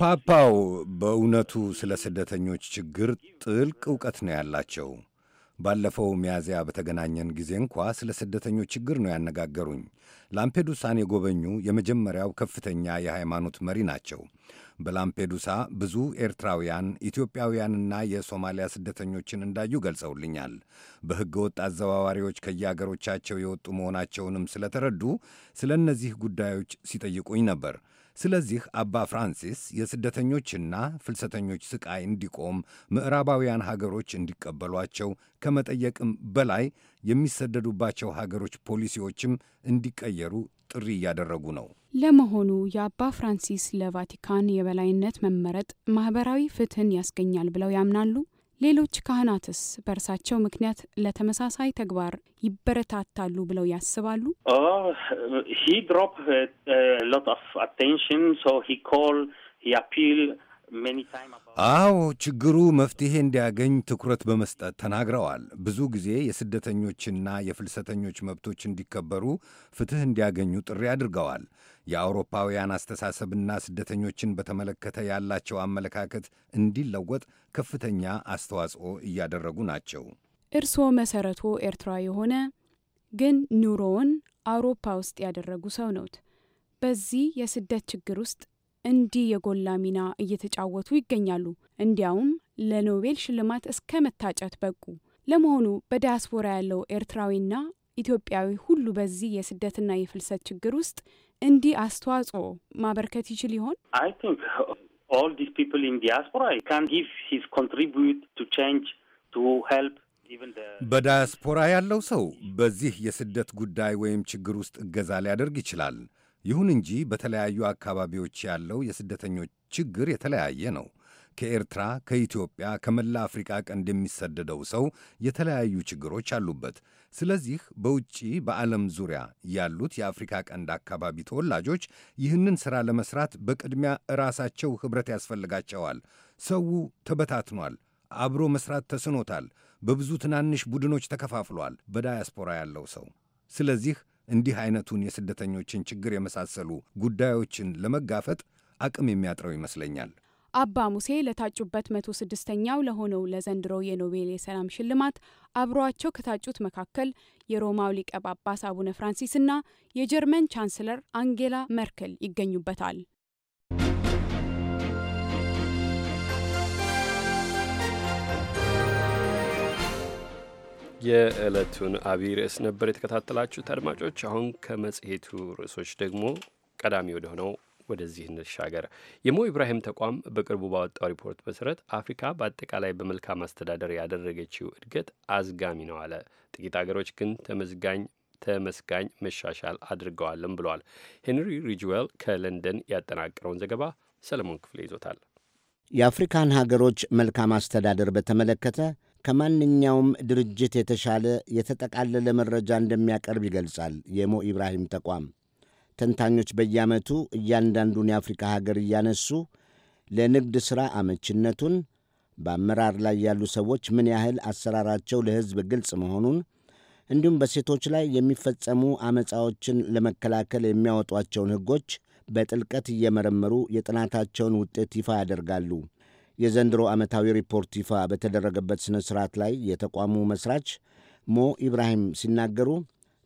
ፓፓው በእውነቱ ስለ ስደተኞች ችግር ጥልቅ እውቀት ነው ያላቸው። ባለፈው ሚያዝያ በተገናኘን ጊዜ እንኳ ስለ ስደተኞች ችግር ነው ያነጋገሩኝ። ላምፔዱሳን የጎበኙ የመጀመሪያው ከፍተኛ የሃይማኖት መሪ ናቸው። በላምፔዱሳ ብዙ ኤርትራውያን፣ ኢትዮጵያውያንና የሶማሊያ ስደተኞችን እንዳዩ ገልጸውልኛል። በሕገ ወጥ አዘዋዋሪዎች ከየአገሮቻቸው የወጡ መሆናቸውንም ስለተረዱ ስለ እነዚህ ጉዳዮች ሲጠይቁኝ ነበር። ስለዚህ አባ ፍራንሲስ የስደተኞችና ፍልሰተኞች ስቃይ እንዲቆም ምዕራባውያን ሀገሮች እንዲቀበሏቸው ከመጠየቅም በላይ የሚሰደዱባቸው ሀገሮች ፖሊሲዎችም እንዲቀየሩ ጥሪ እያደረጉ ነው። ለመሆኑ የአባ ፍራንሲስ ለቫቲካን የበላይነት መመረጥ ማህበራዊ ፍትህን ያስገኛል ብለው ያምናሉ? ሌሎች ካህናትስ በእርሳቸው ምክንያት ለተመሳሳይ ተግባር ይበረታታሉ ብለው ያስባሉ? አዎ፣ ችግሩ መፍትሄ እንዲያገኝ ትኩረት በመስጠት ተናግረዋል። ብዙ ጊዜ የስደተኞችና የፍልሰተኞች መብቶች እንዲከበሩ፣ ፍትህ እንዲያገኙ ጥሪ አድርገዋል። የአውሮፓውያን አስተሳሰብና ስደተኞችን በተመለከተ ያላቸው አመለካከት እንዲለወጥ ከፍተኛ አስተዋጽኦ እያደረጉ ናቸው። እርስዎ መሰረቶ ኤርትራ የሆነ ግን ኑሮውን አውሮፓ ውስጥ ያደረጉ ሰው ነዎት። በዚህ የስደት ችግር ውስጥ እንዲህ የጎላ ሚና እየተጫወቱ ይገኛሉ። እንዲያውም ለኖቤል ሽልማት እስከ መታጨት በቁ። ለመሆኑ በዲያስፖራ ያለው ኤርትራዊና ኢትዮጵያዊ ሁሉ በዚህ የስደትና የፍልሰት ችግር ውስጥ እንዲህ አስተዋጽኦ ማበርከት ይችል ይሆን? አይ ቲንክ ኦል ዲስ ፒፕል ኢን ዲያስፖራ ካን ጊቭ ሂዝ ኮንትሪቢዩት ቱ ቼንጅ ቱ ሄልፕ በዳያስፖራ ያለው ሰው በዚህ የስደት ጉዳይ ወይም ችግር ውስጥ እገዛ ሊያደርግ ይችላል። ይሁን እንጂ በተለያዩ አካባቢዎች ያለው የስደተኞች ችግር የተለያየ ነው። ከኤርትራ፣ ከኢትዮጵያ፣ ከመላ አፍሪቃ ቀንድ የሚሰደደው ሰው የተለያዩ ችግሮች አሉበት። ስለዚህ በውጭ በዓለም ዙሪያ ያሉት የአፍሪካ ቀንድ አካባቢ ተወላጆች ይህንን ሥራ ለመሥራት በቅድሚያ ራሳቸው ኅብረት ያስፈልጋቸዋል። ሰው ተበታትኗል። አብሮ መሥራት ተስኖታል። በብዙ ትናንሽ ቡድኖች ተከፋፍሏል፣ በዳያስፖራ ያለው ሰው። ስለዚህ እንዲህ አይነቱን የስደተኞችን ችግር የመሳሰሉ ጉዳዮችን ለመጋፈጥ አቅም የሚያጥረው ይመስለኛል። አባ ሙሴ ለታጩበት መቶ ስድስተኛው ለሆነው ለዘንድሮ የኖቤል የሰላም ሽልማት አብሯቸው ከታጩት መካከል የሮማው ሊቀ ጳጳስ አቡነ ፍራንሲስና የጀርመን ቻንስለር አንጌላ መርክል ይገኙበታል። የዕለቱን አብይ ርዕስ ነበር የተከታተላችሁት አድማጮች። አሁን ከመጽሔቱ ርዕሶች ደግሞ ቀዳሚ ወደሆነው ወደዚህ እንሻገር። የሞ ኢብራሂም ተቋም በቅርቡ ባወጣው ሪፖርት መሰረት አፍሪካ በአጠቃላይ በመልካም አስተዳደር ያደረገችው እድገት አዝጋሚ ነው አለ። ጥቂት አገሮች ግን ተመዝጋኝ ተመስጋኝ መሻሻል አድርገዋልም ብለዋል። ሄንሪ ሪጅዌል ከለንደን ያጠናቀረውን ዘገባ ሰለሞን ክፍሌ ይዞታል። የአፍሪካን ሀገሮች መልካም አስተዳደር በተመለከተ ከማንኛውም ድርጅት የተሻለ የተጠቃለለ መረጃ እንደሚያቀርብ ይገልጻል የሞ ኢብራሂም ተቋም። ተንታኞች በየዓመቱ እያንዳንዱን የአፍሪካ ሀገር እያነሱ ለንግድ ሥራ አመችነቱን፣ በአመራር ላይ ያሉ ሰዎች ምን ያህል አሰራራቸው ለሕዝብ ግልጽ መሆኑን እንዲሁም በሴቶች ላይ የሚፈጸሙ አመፃዎችን ለመከላከል የሚያወጧቸውን ሕጎች በጥልቀት እየመረመሩ የጥናታቸውን ውጤት ይፋ ያደርጋሉ። የዘንድሮ ዓመታዊ ሪፖርት ይፋ በተደረገበት ሥነ ሥርዓት ላይ የተቋሙ መሥራች ሞ ኢብራሂም ሲናገሩ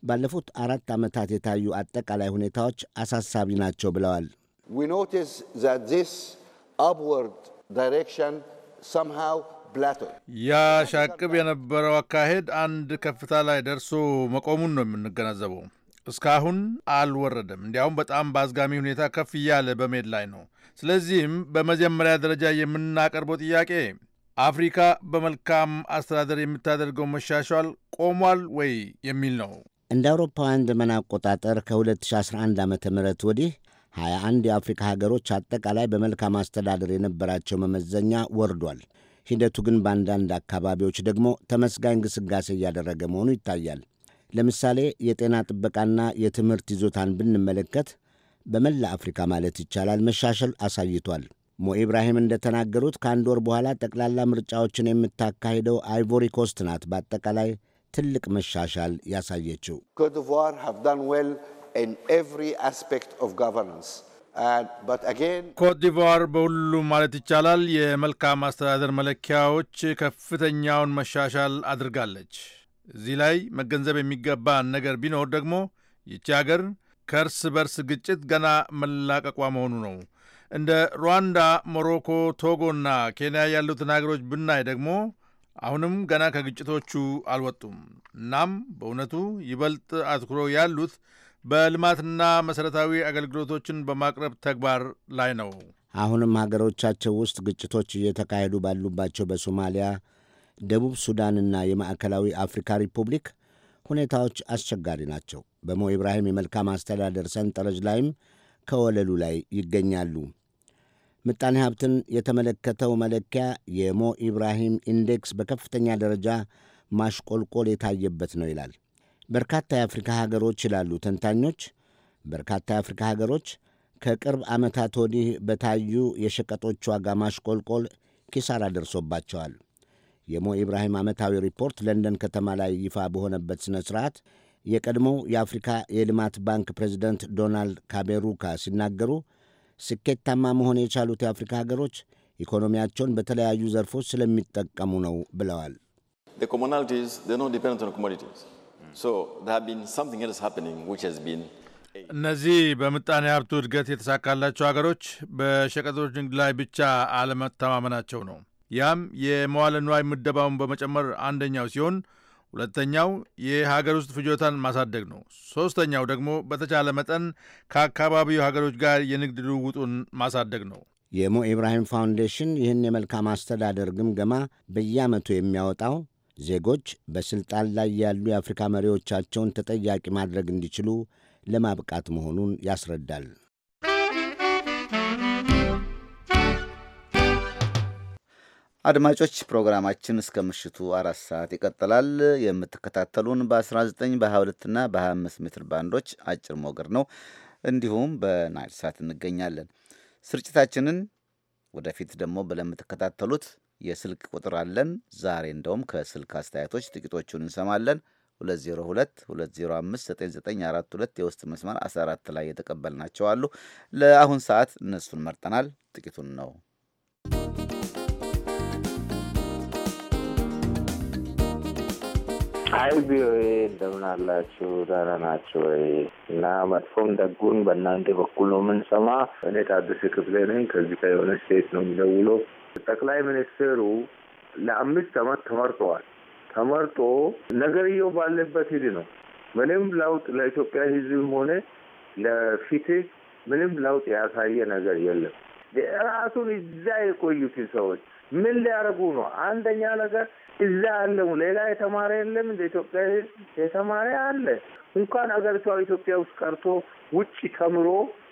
ባለፉት አራት ዓመታት የታዩ አጠቃላይ ሁኔታዎች አሳሳቢ ናቸው ብለዋል። ያሻቅብ የነበረው አካሄድ አንድ ከፍታ ላይ ደርሶ መቆሙን ነው የምንገነዘበው። እስካሁን አልወረደም፣ እንዲያውም በጣም በአዝጋሚ ሁኔታ ከፍ እያለ በመሄድ ላይ ነው። ስለዚህም በመጀመሪያ ደረጃ የምናቀርበው ጥያቄ አፍሪካ በመልካም አስተዳደር የምታደርገው መሻሻል ቆሟል ወይ የሚል ነው። እንደ አውሮፓውያን ዘመን አቆጣጠር ከ2011 ዓ ም ወዲህ 21 የአፍሪካ ሀገሮች አጠቃላይ በመልካም አስተዳደር የነበራቸው መመዘኛ ወርዷል። ሂደቱ ግን በአንዳንድ አካባቢዎች ደግሞ ተመስጋኝ ግስጋሴ እያደረገ መሆኑ ይታያል። ለምሳሌ የጤና ጥበቃና የትምህርት ይዞታን ብንመለከት በመላ አፍሪካ ማለት ይቻላል መሻሸል አሳይቷል። ሞ ኢብራሂም እንደተናገሩት ከአንድ ወር በኋላ ጠቅላላ ምርጫዎችን የምታካሂደው አይቮሪ ኮስት ናት። በአጠቃላይ ትልቅ መሻሻል ያሳየችው። ኮትዲቯር በሁሉም ማለት ይቻላል የመልካም አስተዳደር መለኪያዎች ከፍተኛውን መሻሻል አድርጋለች። እዚህ ላይ መገንዘብ የሚገባን ነገር ቢኖር ደግሞ ይቺ አገር ከእርስ በርስ ግጭት ገና መላቀቋ መሆኑ ነው። እንደ ሩዋንዳ፣ ሞሮኮ፣ ቶጎና ኬንያ ያሉትን አገሮች ብናይ ደግሞ አሁንም ገና ከግጭቶቹ አልወጡም። እናም በእውነቱ ይበልጥ አትኩረው ያሉት በልማትና መሠረታዊ አገልግሎቶችን በማቅረብ ተግባር ላይ ነው። አሁንም ሀገሮቻቸው ውስጥ ግጭቶች እየተካሄዱ ባሉባቸው በሶማሊያ፣ ደቡብ ሱዳንና የማዕከላዊ አፍሪካ ሪፑብሊክ ሁኔታዎች አስቸጋሪ ናቸው። በሞ ኢብራሂም የመልካም አስተዳደር ሰንጠረዥ ላይም ከወለሉ ላይ ይገኛሉ። ምጣኔ ሀብትን የተመለከተው መለኪያ የሞ ኢብራሂም ኢንዴክስ በከፍተኛ ደረጃ ማሽቆልቆል የታየበት ነው ይላል። በርካታ የአፍሪካ ሀገሮች ይላሉ ተንታኞች፣ በርካታ የአፍሪካ ሀገሮች ከቅርብ ዓመታት ወዲህ በታዩ የሸቀጦች ዋጋ ማሽቆልቆል ኪሳራ ደርሶባቸዋል። የሞ ኢብራሂም ዓመታዊ ሪፖርት ለንደን ከተማ ላይ ይፋ በሆነበት ሥነ ሥርዓት የቀድሞው የአፍሪካ የልማት ባንክ ፕሬዚደንት ዶናልድ ካቤሩካ ሲናገሩ ስኬታማ መሆን የቻሉት የአፍሪካ ሀገሮች ኢኮኖሚያቸውን በተለያዩ ዘርፎች ስለሚጠቀሙ ነው ብለዋል። እነዚህ በምጣኔ ሀብቱ እድገት የተሳካላቸው ሀገሮች በሸቀጦች ንግድ ላይ ብቻ አለመተማመናቸው ነው። ያም የመዋለ ንዋይ ምደባውን በመጨመር አንደኛው ሲሆን ሁለተኛው የሀገር ውስጥ ፍጆታን ማሳደግ ነው። ሶስተኛው ደግሞ በተቻለ መጠን ከአካባቢው ሀገሮች ጋር የንግድ ልውውጡን ማሳደግ ነው። የሞ ኢብራሂም ፋውንዴሽን ይህን የመልካም አስተዳደር ግምገማ በየዓመቱ የሚያወጣው ዜጎች በሥልጣን ላይ ያሉ የአፍሪካ መሪዎቻቸውን ተጠያቂ ማድረግ እንዲችሉ ለማብቃት መሆኑን ያስረዳል። አድማጮች ፕሮግራማችን እስከ ምሽቱ አራት ሰዓት ይቀጥላል። የምትከታተሉን በ19 በ22 ና በ25 ሜትር ባንዶች አጭር ሞገድ ነው። እንዲሁም በናይል ሳት እንገኛለን። ስርጭታችንን ወደፊት ደግሞ ብለምትከታተሉት የስልክ ቁጥር አለን። ዛሬ እንደውም ከስልክ አስተያየቶች ጥቂቶቹን እንሰማለን። 2022059942 የውስጥ መስመር 14 ላይ የተቀበልናቸው አሉ። ለአሁን ሰዓት እነሱን መርጠናል። ጥቂቱን ነው አይ ቪኦኤ እንደምን አላችሁ? ደህና ናችሁ ወይ? እና መጥፎም ደጉን በእናንተ በኩል ነው የምንሰማ። እኔ ታደሰ ክፍሌ ነኝ። ከዚህ ከሆነ ስቴት ነው የሚደውለው። ጠቅላይ ሚኒስትሩ ለአምስት ዓመት ተመርጠዋል። ተመርጦ ነገርየው ባለበት ሂድ ነው። ምንም ለውጥ ለኢትዮጵያ ህዝብም ሆነ ለፍትህ ምንም ለውጥ ያሳየ ነገር የለም። ራሱን እዛ የቆዩትን ሰዎች ምን ሊያደርጉ ነው? አንደኛ ነገር እዛ ያለው ሌላ የተማረ የለም። እንደ ኢትዮጵያ የተማረ አለ እንኳን ሀገሪቷ ኢትዮጵያ ውስጥ ቀርቶ ውጭ ተምሮ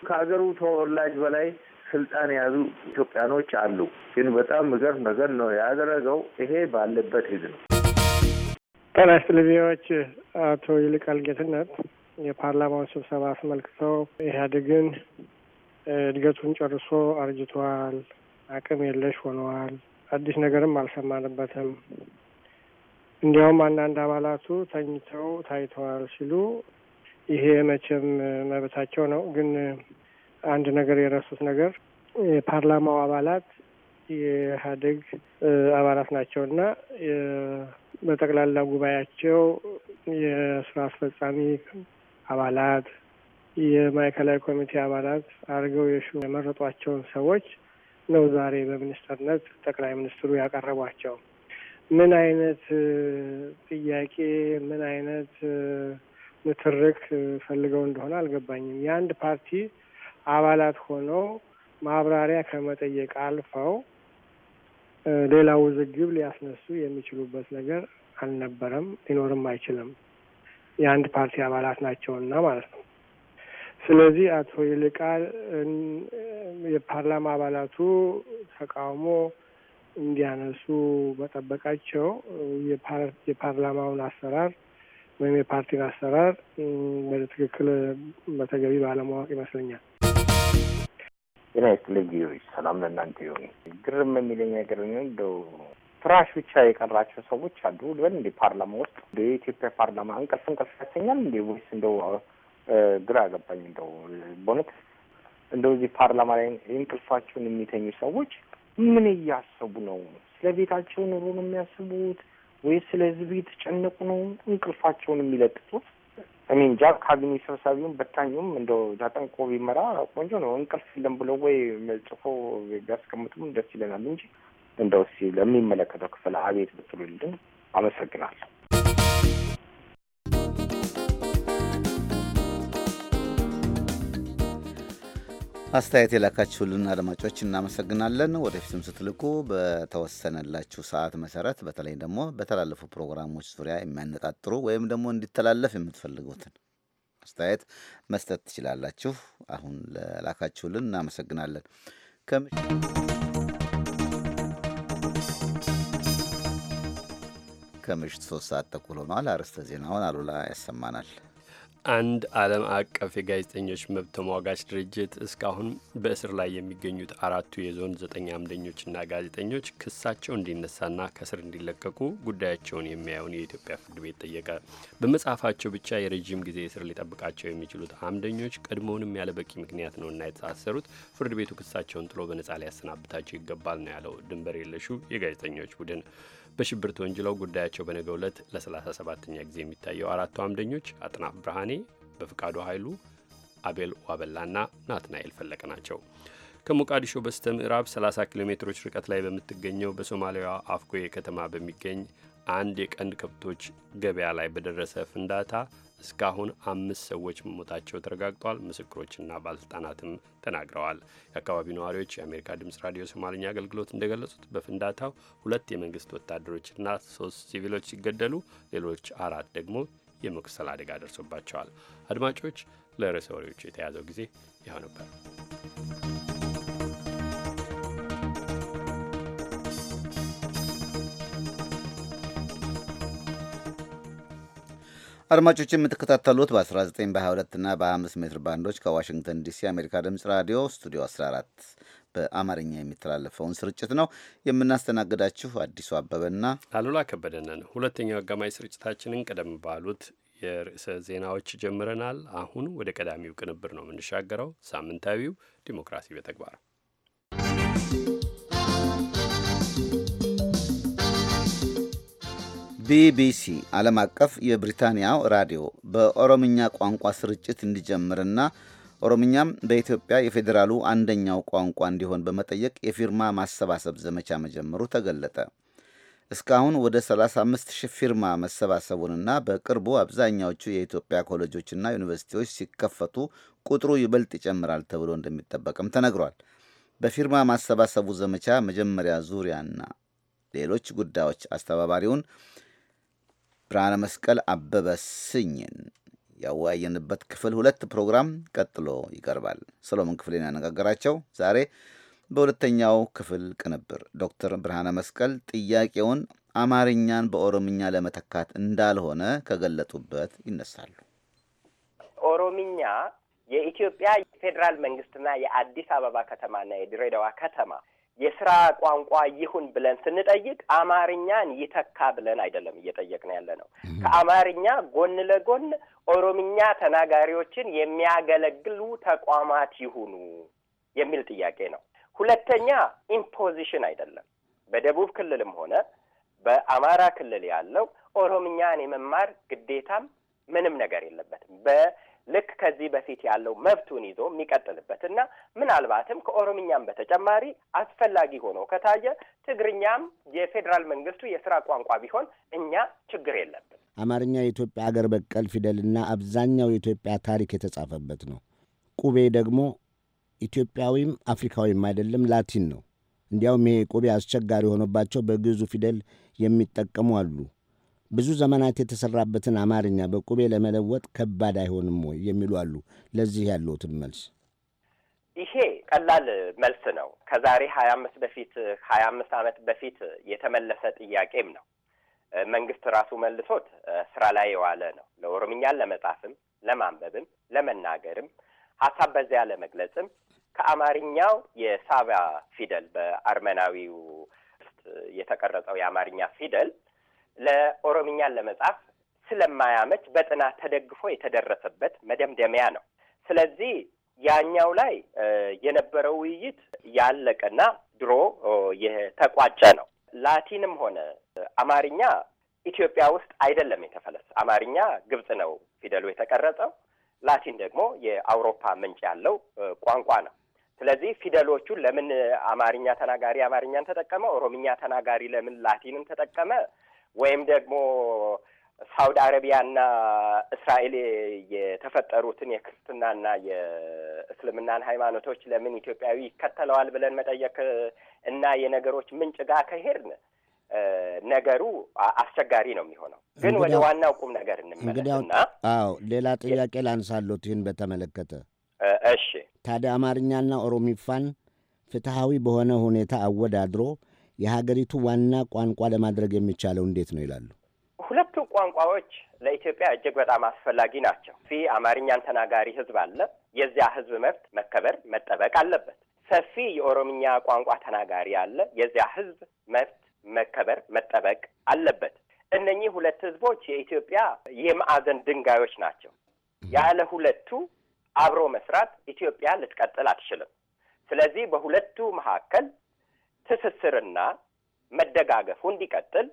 ከሀገሩ ተወላጅ በላይ ስልጣን የያዙ ኢትዮጵያኖች አሉ። ግን በጣም ምገር ነገር ነው ያደረገው ይሄ ባለበት ህዝብ ነው። ጤና ቴሌቪዎች አቶ ይልቃል ጌትነት የፓርላማውን ስብሰባ አስመልክቶ ኢህአዴግን እድገቱን ጨርሶ አርጅቷል፣ አቅም የለሽ ሆነዋል አዲስ ነገርም አልሰማንበትም። እንዲያውም አንዳንድ አባላቱ ተኝተው ታይተዋል ሲሉ፣ ይሄ መቼም መብታቸው ነው። ግን አንድ ነገር የረሱት ነገር የፓርላማው አባላት የኢህአዴግ አባላት ናቸው እና በጠቅላላ ጉባኤያቸው የስራ አስፈጻሚ አባላት፣ የማዕከላዊ ኮሚቴ አባላት አድርገው የሹ የመረጧቸውን ሰዎች ነው ዛሬ በሚኒስትርነት ጠቅላይ ሚኒስትሩ ያቀረቧቸው። ምን አይነት ጥያቄ ምን አይነት ምትርክ ፈልገው እንደሆነ አልገባኝም። የአንድ ፓርቲ አባላት ሆነው ማብራሪያ ከመጠየቅ አልፈው ሌላ ውዝግብ ሊያስነሱ የሚችሉበት ነገር አልነበረም፣ ሊኖርም አይችልም። የአንድ ፓርቲ አባላት ናቸውና ማለት ነው። ስለዚህ አቶ ይልቃል የፓርላማ አባላቱ ተቃውሞ እንዲያነሱ መጠበቃቸው የፓርላማውን አሰራር ወይም የፓርቲን አሰራር ወደ ትክክል በተገቢ ባለማወቅ ይመስለኛል። ጤና ይስጥልኝ። ሰላም ለእናንተ ይሁን። ግርም የሚለኝ ነገር እንደው ፍራሽ ብቻ የቀራቸው ሰዎች አሉ ልበል እንደ ፓርላማ ውስጥ የኢትዮጵያ ፓርላማ እንቅልፍ እንቅልፍ ያሰኛል እንደ ወይስ እንደው ግራ ገባኝ። እንደው በእውነት እንደው እዚህ ፓርላማ ላይ እንቅልፋቸውን የሚተኙ ሰዎች ምን እያሰቡ ነው? ስለ ቤታቸው ኑሮ ነው የሚያስቡት ወይስ ስለ ህዝብ የተጨነቁ ነው እንቅልፋቸውን የሚለጥጡት? እኔ እንጃ። ካቢኔ ሰብሳቢውም በታኙም እንደው ተጠንቆ ቢመራ ቆንጆ ነው። እንቅልፍ የለም ብሎ ወይ ጽፎ ቢያስቀምጡም ደስ ይለናል እንጂ እንደው እስኪ ለሚመለከተው ክፍል አቤት ብትሉልን አመሰግናለሁ። አስተያየት የላካችሁልን አድማጮች እናመሰግናለን። ወደፊትም ስትልኩ በተወሰነላችሁ ሰዓት መሰረት በተለይ ደግሞ በተላለፉ ፕሮግራሞች ዙሪያ የሚያነጣጥሩ ወይም ደግሞ እንዲተላለፍ የምትፈልጉትን አስተያየት መስጠት ትችላላችሁ። አሁን ለላካችሁልን እናመሰግናለን። ከምሽት ሶስት ሰዓት ተኩል ሆኗል። አርዕስተ ዜናውን አሉላ ያሰማናል። አንድ ዓለም አቀፍ የጋዜጠኞች መብት ተሟጋች ድርጅት እስካሁን በእስር ላይ የሚገኙት አራቱ የዞን ዘጠኝ አምደኞችና ጋዜጠኞች ክሳቸው እንዲነሳና ከእስር እንዲለቀቁ ጉዳያቸውን የሚያየውን የኢትዮጵያ ፍርድ ቤት ጠየቀ። በመጽሐፋቸው ብቻ የረዥም ጊዜ እስር ሊጠብቃቸው የሚችሉት አምደኞች ቀድሞውንም ያለ በቂ ምክንያት ነውና የተሳሰሩት ፍርድ ቤቱ ክሳቸውን ጥሎ በነጻ ሊያሰናብታቸው ይገባል ነው ያለው ድንበር የለሹ የጋዜጠኞች ቡድን። በሽብር ተወንጅለው ጉዳያቸው በነገ ዕለት ለ37ኛ ጊዜ የሚታየው አራቱ አምደኞች አጥናፍ ብርሃኔ፣ በፍቃዱ ኃይሉ፣ አቤል ዋበላና ናትናኤል ፈለቀ ናቸው። ከሞቃዲሾ በስተ ምዕራብ 30 ኪሎ ሜትሮች ርቀት ላይ በምትገኘው በሶማሊያዋ አፍጎዬ ከተማ በሚገኝ አንድ የቀንድ ከብቶች ገበያ ላይ በደረሰ ፍንዳታ እስካሁን አምስት ሰዎች መሞታቸው ተረጋግጧል። ምስክሮችና ባለስልጣናትም ተናግረዋል። የአካባቢው ነዋሪዎች የአሜሪካ ድምጽ ራዲዮ ሶማልኛ አገልግሎት እንደገለጹት በፍንዳታው ሁለት የመንግስት ወታደሮችና ሶስት ሲቪሎች ሲገደሉ ሌሎች አራት ደግሞ የመቁሰል አደጋ ደርሶባቸዋል። አድማጮች ለርዕሰ ወሬዎቹ የተያዘው ጊዜ ይኸው ነበር። አድማጮች የምትከታተሉት በ19 በ22 እና በ25 ሜትር ባንዶች ከዋሽንግተን ዲሲ የአሜሪካ ድምፅ ራዲዮ ስቱዲዮ 14 በአማርኛ የሚተላለፈውን ስርጭት ነው። የምናስተናግዳችሁ አዲሱ አበበና አሉላ ከበደነን። ሁለተኛው አጋማሽ ስርጭታችንን ቀደም ባሉት የርዕሰ ዜናዎች ጀምረናል። አሁን ወደ ቀዳሚው ቅንብር ነው የምንሻገረው። ሳምንታዊው ዲሞክራሲ በተግባር ቢቢሲ ዓለም አቀፍ የብሪታንያው ራዲዮ በኦሮምኛ ቋንቋ ስርጭት እንዲጀምርና ኦሮምኛም በኢትዮጵያ የፌዴራሉ አንደኛው ቋንቋ እንዲሆን በመጠየቅ የፊርማ ማሰባሰብ ዘመቻ መጀመሩ ተገለጠ። እስካሁን ወደ 35 ሺህ ፊርማ መሰባሰቡንና በቅርቡ አብዛኛዎቹ የኢትዮጵያ ኮሌጆችና ዩኒቨርሲቲዎች ሲከፈቱ ቁጥሩ ይበልጥ ይጨምራል ተብሎ እንደሚጠበቅም ተነግሯል። በፊርማ ማሰባሰቡ ዘመቻ መጀመሪያ ዙሪያና ሌሎች ጉዳዮች አስተባባሪውን ብርሃነ መስቀል አበበ ስኝን ያወያየንበት ክፍል ሁለት ፕሮግራም ቀጥሎ ይቀርባል። ሰሎሞን ክፍልን ያነጋገራቸው ዛሬ በሁለተኛው ክፍል ቅንብር ዶክተር ብርሃነ መስቀል ጥያቄውን አማርኛን በኦሮምኛ ለመተካት እንዳልሆነ ከገለጡበት ይነሳሉ። ኦሮምኛ የኢትዮጵያ የፌዴራል መንግስትና የአዲስ አበባ ከተማና የድሬዳዋ ከተማ የስራ ቋንቋ ይሁን ብለን ስንጠይቅ አማርኛን ይተካ ብለን አይደለም እየጠየቅን ያለ ነው። ከአማርኛ ጎን ለጎን ኦሮምኛ ተናጋሪዎችን የሚያገለግሉ ተቋማት ይሁኑ የሚል ጥያቄ ነው። ሁለተኛ ኢምፖዚሽን አይደለም። በደቡብ ክልልም ሆነ በአማራ ክልል ያለው ኦሮምኛን የመማር ግዴታም ምንም ነገር የለበትም። ልክ ከዚህ በፊት ያለው መብቱን ይዞ የሚቀጥልበት እና ምናልባትም ከኦሮምኛም በተጨማሪ አስፈላጊ ሆኖ ከታየ ትግርኛም የፌዴራል መንግስቱ የስራ ቋንቋ ቢሆን እኛ ችግር የለብን። አማርኛ የኢትዮጵያ አገር በቀል ፊደልና አብዛኛው የኢትዮጵያ ታሪክ የተጻፈበት ነው። ቁቤ ደግሞ ኢትዮጵያዊም አፍሪካዊም አይደለም፣ ላቲን ነው። እንዲያውም ይሄ ቁቤ አስቸጋሪ ሆኖባቸው በግዕዙ ፊደል የሚጠቀሙ አሉ። ብዙ ዘመናት የተሰራበትን አማርኛ በቁቤ ለመለወጥ ከባድ አይሆንም ወይ የሚሉ አሉ። ለዚህ ያለውትን መልስ ይሄ ቀላል መልስ ነው። ከዛሬ ሀያ አምስት በፊት ሀያ አምስት ዓመት በፊት የተመለሰ ጥያቄም ነው። መንግስት ራሱ መልሶት ስራ ላይ የዋለ ነው። ለኦሮምኛን ለመጻፍም ለማንበብም ለመናገርም ሀሳብ በዚያ ለመግለጽም ከአማርኛው የሳባ ፊደል በአርመናዊው ውስጥ የተቀረጸው የአማርኛ ፊደል ለኦሮምኛን ለመጻፍ ስለማያመች በጥናት ተደግፎ የተደረሰበት መደምደሚያ ነው። ስለዚህ ያኛው ላይ የነበረው ውይይት ያለቀና ድሮ የተቋጨ ነው። ላቲንም ሆነ አማርኛ ኢትዮጵያ ውስጥ አይደለም የተፈለስ አማርኛ ግብጽ ነው ፊደሉ የተቀረጸው። ላቲን ደግሞ የአውሮፓ ምንጭ ያለው ቋንቋ ነው። ስለዚህ ፊደሎቹን ለምን አማርኛ ተናጋሪ አማርኛን ተጠቀመ፣ ኦሮምኛ ተናጋሪ ለምን ላቲንን ተጠቀመ ወይም ደግሞ ሳውዲ አረቢያና እስራኤል የተፈጠሩትን የክርስትናና የእስልምናን ሃይማኖቶች ለምን ኢትዮጵያዊ ይከተለዋል ብለን መጠየቅ እና የነገሮች ምንጭ ጋር ከሄድን ነገሩ አስቸጋሪ ነው የሚሆነው። ግን ወደ ዋናው ቁም ነገር እንመለስና አዎ፣ ሌላ ጥያቄ ላንሳሎት ይህን በተመለከተ እሺ። ታዲያ አማርኛና ኦሮሚፋን ፍትሐዊ በሆነ ሁኔታ አወዳድሮ የሀገሪቱ ዋና ቋንቋ ለማድረግ የሚቻለው እንዴት ነው ይላሉ። ሁለቱ ቋንቋዎች ለኢትዮጵያ እጅግ በጣም አስፈላጊ ናቸው። ፊ አማርኛን ተናጋሪ ህዝብ አለ። የዚያ ህዝብ መብት መከበር መጠበቅ አለበት። ሰፊ የኦሮምኛ ቋንቋ ተናጋሪ አለ። የዚያ ህዝብ መብት መከበር መጠበቅ አለበት። እነኚህ ሁለት ህዝቦች የኢትዮጵያ የማዕዘን ድንጋዮች ናቸው። ያለ ሁለቱ አብሮ መስራት ኢትዮጵያ ልትቀጥል አትችልም። ስለዚህ በሁለቱ መካከል ትስስርና መደጋገፉ እንዲቀጥል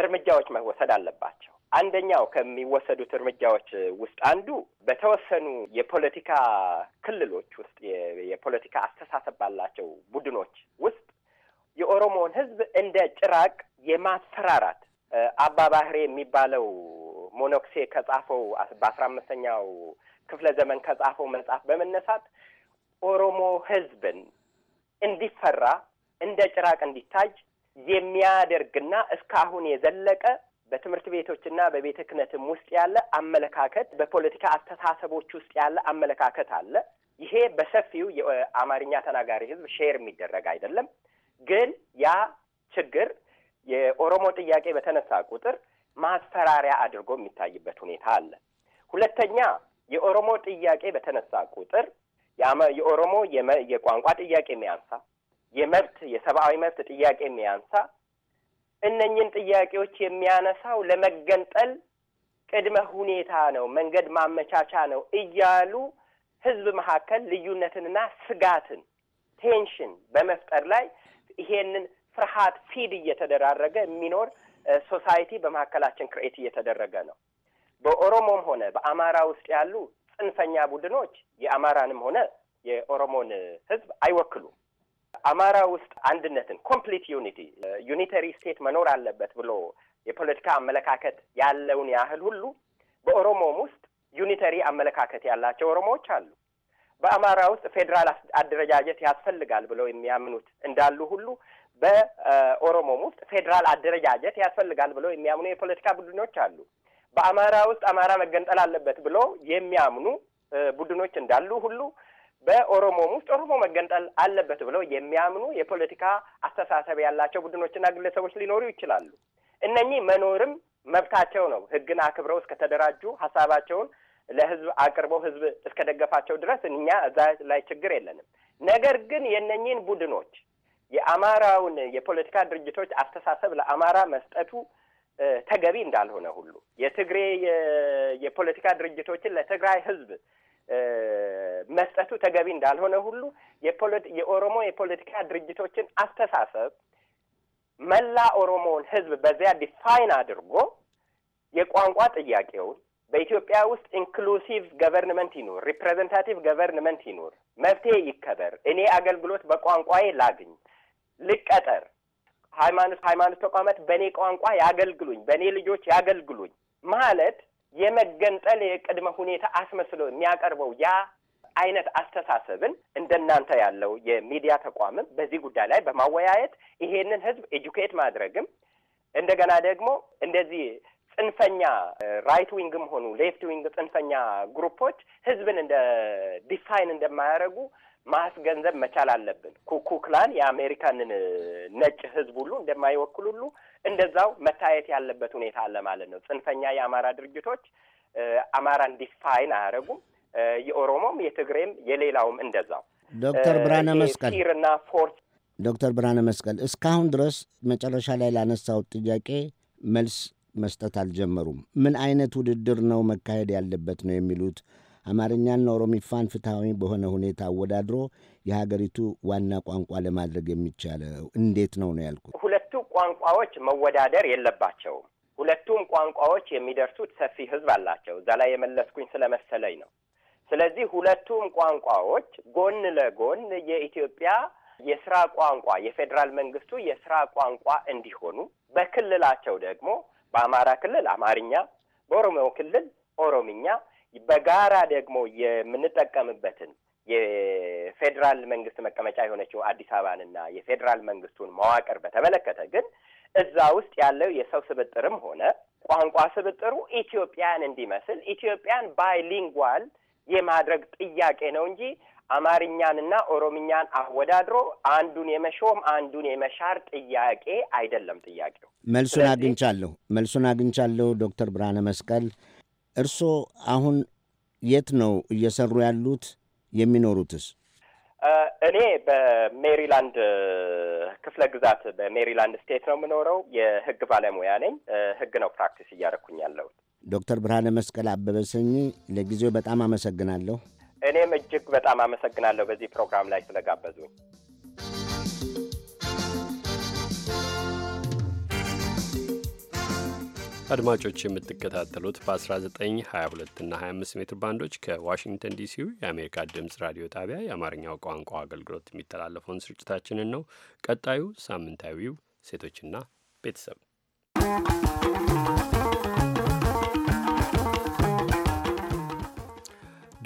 እርምጃዎች መወሰድ አለባቸው። አንደኛው ከሚወሰዱት እርምጃዎች ውስጥ አንዱ በተወሰኑ የፖለቲካ ክልሎች ውስጥ የፖለቲካ አስተሳሰብ ባላቸው ቡድኖች ውስጥ የኦሮሞውን ሕዝብ እንደ ጭራቅ የማስፈራራት አባባህሬ የሚባለው ሞኖክሴ ከጻፈው በአስራ አምስተኛው ክፍለ ዘመን ከጻፈው መጽሐፍ በመነሳት ኦሮሞ ሕዝብን እንዲፈራ እንደ ጭራቅ እንዲታይ የሚያደርግና እስካሁን የዘለቀ በትምህርት ቤቶችና በቤተ ክህነትም ውስጥ ያለ አመለካከት፣ በፖለቲካ አስተሳሰቦች ውስጥ ያለ አመለካከት አለ። ይሄ በሰፊው የአማርኛ ተናጋሪ ህዝብ ሼር የሚደረግ አይደለም። ግን ያ ችግር የኦሮሞ ጥያቄ በተነሳ ቁጥር ማስፈራሪያ አድርጎ የሚታይበት ሁኔታ አለ። ሁለተኛ የኦሮሞ ጥያቄ በተነሳ ቁጥር የኦሮሞ የቋንቋ ጥያቄ የሚያንሳ የመብት የሰብአዊ መብት ጥያቄ የሚያንሳ እነኝን ጥያቄዎች የሚያነሳው ለመገንጠል ቅድመ ሁኔታ ነው፣ መንገድ ማመቻቻ ነው እያሉ ህዝብ መካከል ልዩነትንና ስጋትን ቴንሽን በመፍጠር ላይ ይሄንን ፍርሃት ፊድ እየተደራረገ የሚኖር ሶሳይቲ በመካከላችን ክርኤት እየተደረገ ነው። በኦሮሞም ሆነ በአማራ ውስጥ ያሉ ጽንፈኛ ቡድኖች የአማራንም ሆነ የኦሮሞን ህዝብ አይወክሉም። አማራ ውስጥ አንድነትን ኮምፕሊት ዩኒቲ ዩኒተሪ ስቴት መኖር አለበት ብሎ የፖለቲካ አመለካከት ያለውን ያህል ሁሉ በኦሮሞም ውስጥ ዩኒተሪ አመለካከት ያላቸው ኦሮሞዎች አሉ። በአማራ ውስጥ ፌዴራል አደረጃጀት ያስፈልጋል ብለው የሚያምኑት እንዳሉ ሁሉ በኦሮሞም ውስጥ ፌዴራል አደረጃጀት ያስፈልጋል ብለው የሚያምኑ የፖለቲካ ቡድኖች አሉ። በአማራ ውስጥ አማራ መገንጠል አለበት ብሎ የሚያምኑ ቡድኖች እንዳሉ ሁሉ በኦሮሞም ውስጥ ኦሮሞ መገንጠል አለበት ብለው የሚያምኑ የፖለቲካ አስተሳሰብ ያላቸው ቡድኖችና ግለሰቦች ሊኖሩ ይችላሉ። እነኚህ መኖርም መብታቸው ነው። ህግን አክብረው እስከተደራጁ ሀሳባቸውን ለህዝብ አቅርበው ህዝብ እስከደገፋቸው ድረስ እኛ እዛ ላይ ችግር የለንም። ነገር ግን የእነኚህን ቡድኖች የአማራውን የፖለቲካ ድርጅቶች አስተሳሰብ ለአማራ መስጠቱ ተገቢ እንዳልሆነ ሁሉ የትግሬ የፖለቲካ ድርጅቶችን ለትግራይ ህዝብ መስጠቱ ተገቢ እንዳልሆነ ሁሉ የኦሮሞ የፖለቲካ ድርጅቶችን አስተሳሰብ መላ ኦሮሞውን ህዝብ በዚያ ዲፋይን አድርጎ የቋንቋ ጥያቄውን በኢትዮጵያ ውስጥ ኢንክሉሲቭ ገቨርንመንት ይኑር፣ ሪፕሬዘንታቲቭ ገቨርንመንት ይኑር፣ መፍትሄ ይከበር፣ እኔ አገልግሎት በቋንቋዬ ላግኝ፣ ልቀጠር፣ ሃይማኖት ሃይማኖት ተቋማት በእኔ ቋንቋ ያገልግሉኝ፣ በእኔ ልጆች ያገልግሉኝ ማለት የመገንጠል የቅድመ ሁኔታ አስመስሎ የሚያቀርበው ያ አይነት አስተሳሰብን እንደናንተ ያለው የሚዲያ ተቋምም በዚህ ጉዳይ ላይ በማወያየት ይሄንን ህዝብ ኤጁኬት ማድረግም እንደገና ደግሞ እንደዚህ ጽንፈኛ ራይት ዊንግም ሆኑ ሌፍት ዊንግ ጽንፈኛ ግሩፖች ህዝብን እንደ ዲፋይን እንደማያደርጉ ማስገንዘብ መቻል አለብን። ኩኩክላን የአሜሪካንን ነጭ ህዝብ ሁሉ እንደማይወክል ሁሉ እንደዛው መታየት ያለበት ሁኔታ አለ ማለት ነው። ጽንፈኛ የአማራ ድርጅቶች አማራን ዲፋይን አያደረጉም የኦሮሞም፣ የትግሬም፣ የሌላውም እንደዛው። ዶክተር ብርሃነ መስቀል ፎርስ ዶክተር ብርሃነ መስቀል እስካሁን ድረስ መጨረሻ ላይ ላነሳው ጥያቄ መልስ መስጠት አልጀመሩም። ምን አይነት ውድድር ነው መካሄድ ያለበት ነው የሚሉት አማርኛና ኦሮሚፋን ፍትሐዊ በሆነ ሁኔታ አወዳድሮ የሀገሪቱ ዋና ቋንቋ ለማድረግ የሚቻለው እንዴት ነው ነው ያልኩት። ሁለቱ ቋንቋዎች መወዳደር የለባቸውም። ሁለቱም ቋንቋዎች የሚደርሱት ሰፊ ህዝብ አላቸው። እዛ ላይ የመለስኩኝ ስለመሰለኝ ነው። ስለዚህ ሁለቱም ቋንቋዎች ጎን ለጎን የኢትዮጵያ የስራ ቋንቋ የፌዴራል መንግስቱ የስራ ቋንቋ እንዲሆኑ በክልላቸው ደግሞ በአማራ ክልል አማርኛ፣ በኦሮሞ ክልል ኦሮምኛ በጋራ ደግሞ የምንጠቀምበትን የፌዴራል መንግስት መቀመጫ የሆነችው አዲስ አበባንና የፌዴራል መንግስቱን መዋቅር በተመለከተ ግን እዛ ውስጥ ያለው የሰው ስብጥርም ሆነ ቋንቋ ስብጥሩ ኢትዮጵያን እንዲመስል ኢትዮጵያን ባይሊንጓል የማድረግ ጥያቄ ነው እንጂ አማርኛንና ኦሮምኛን አወዳድሮ አንዱን የመሾም አንዱን የመሻር ጥያቄ አይደለም። ጥያቄው መልሱን አግኝቻለሁ። መልሱን አግኝቻለሁ። ዶክተር ብርሃነ መስቀል እርስዎ አሁን የት ነው እየሰሩ ያሉት የሚኖሩትስ? እኔ በሜሪላንድ ክፍለ ግዛት በሜሪላንድ ስቴት ነው የምኖረው። የህግ ባለሙያ ነኝ። ህግ ነው ፕራክቲስ እያደረኩኝ ያለሁት። ዶክተር ብርሃነ መስቀል አበበ ለጊዜው በጣም አመሰግናለሁ። እኔም እጅግ በጣም አመሰግናለሁ በዚህ ፕሮግራም ላይ ስለጋበዙኝ። አድማጮች የምትከታተሉት በ1922 እና 25 ሜትር ባንዶች ከዋሽንግተን ዲሲው የአሜሪካ ድምፅ ራዲዮ ጣቢያ የአማርኛው ቋንቋ አገልግሎት የሚተላለፈውን ስርጭታችንን ነው። ቀጣዩ ሳምንታዊው ሴቶችና ቤተሰብ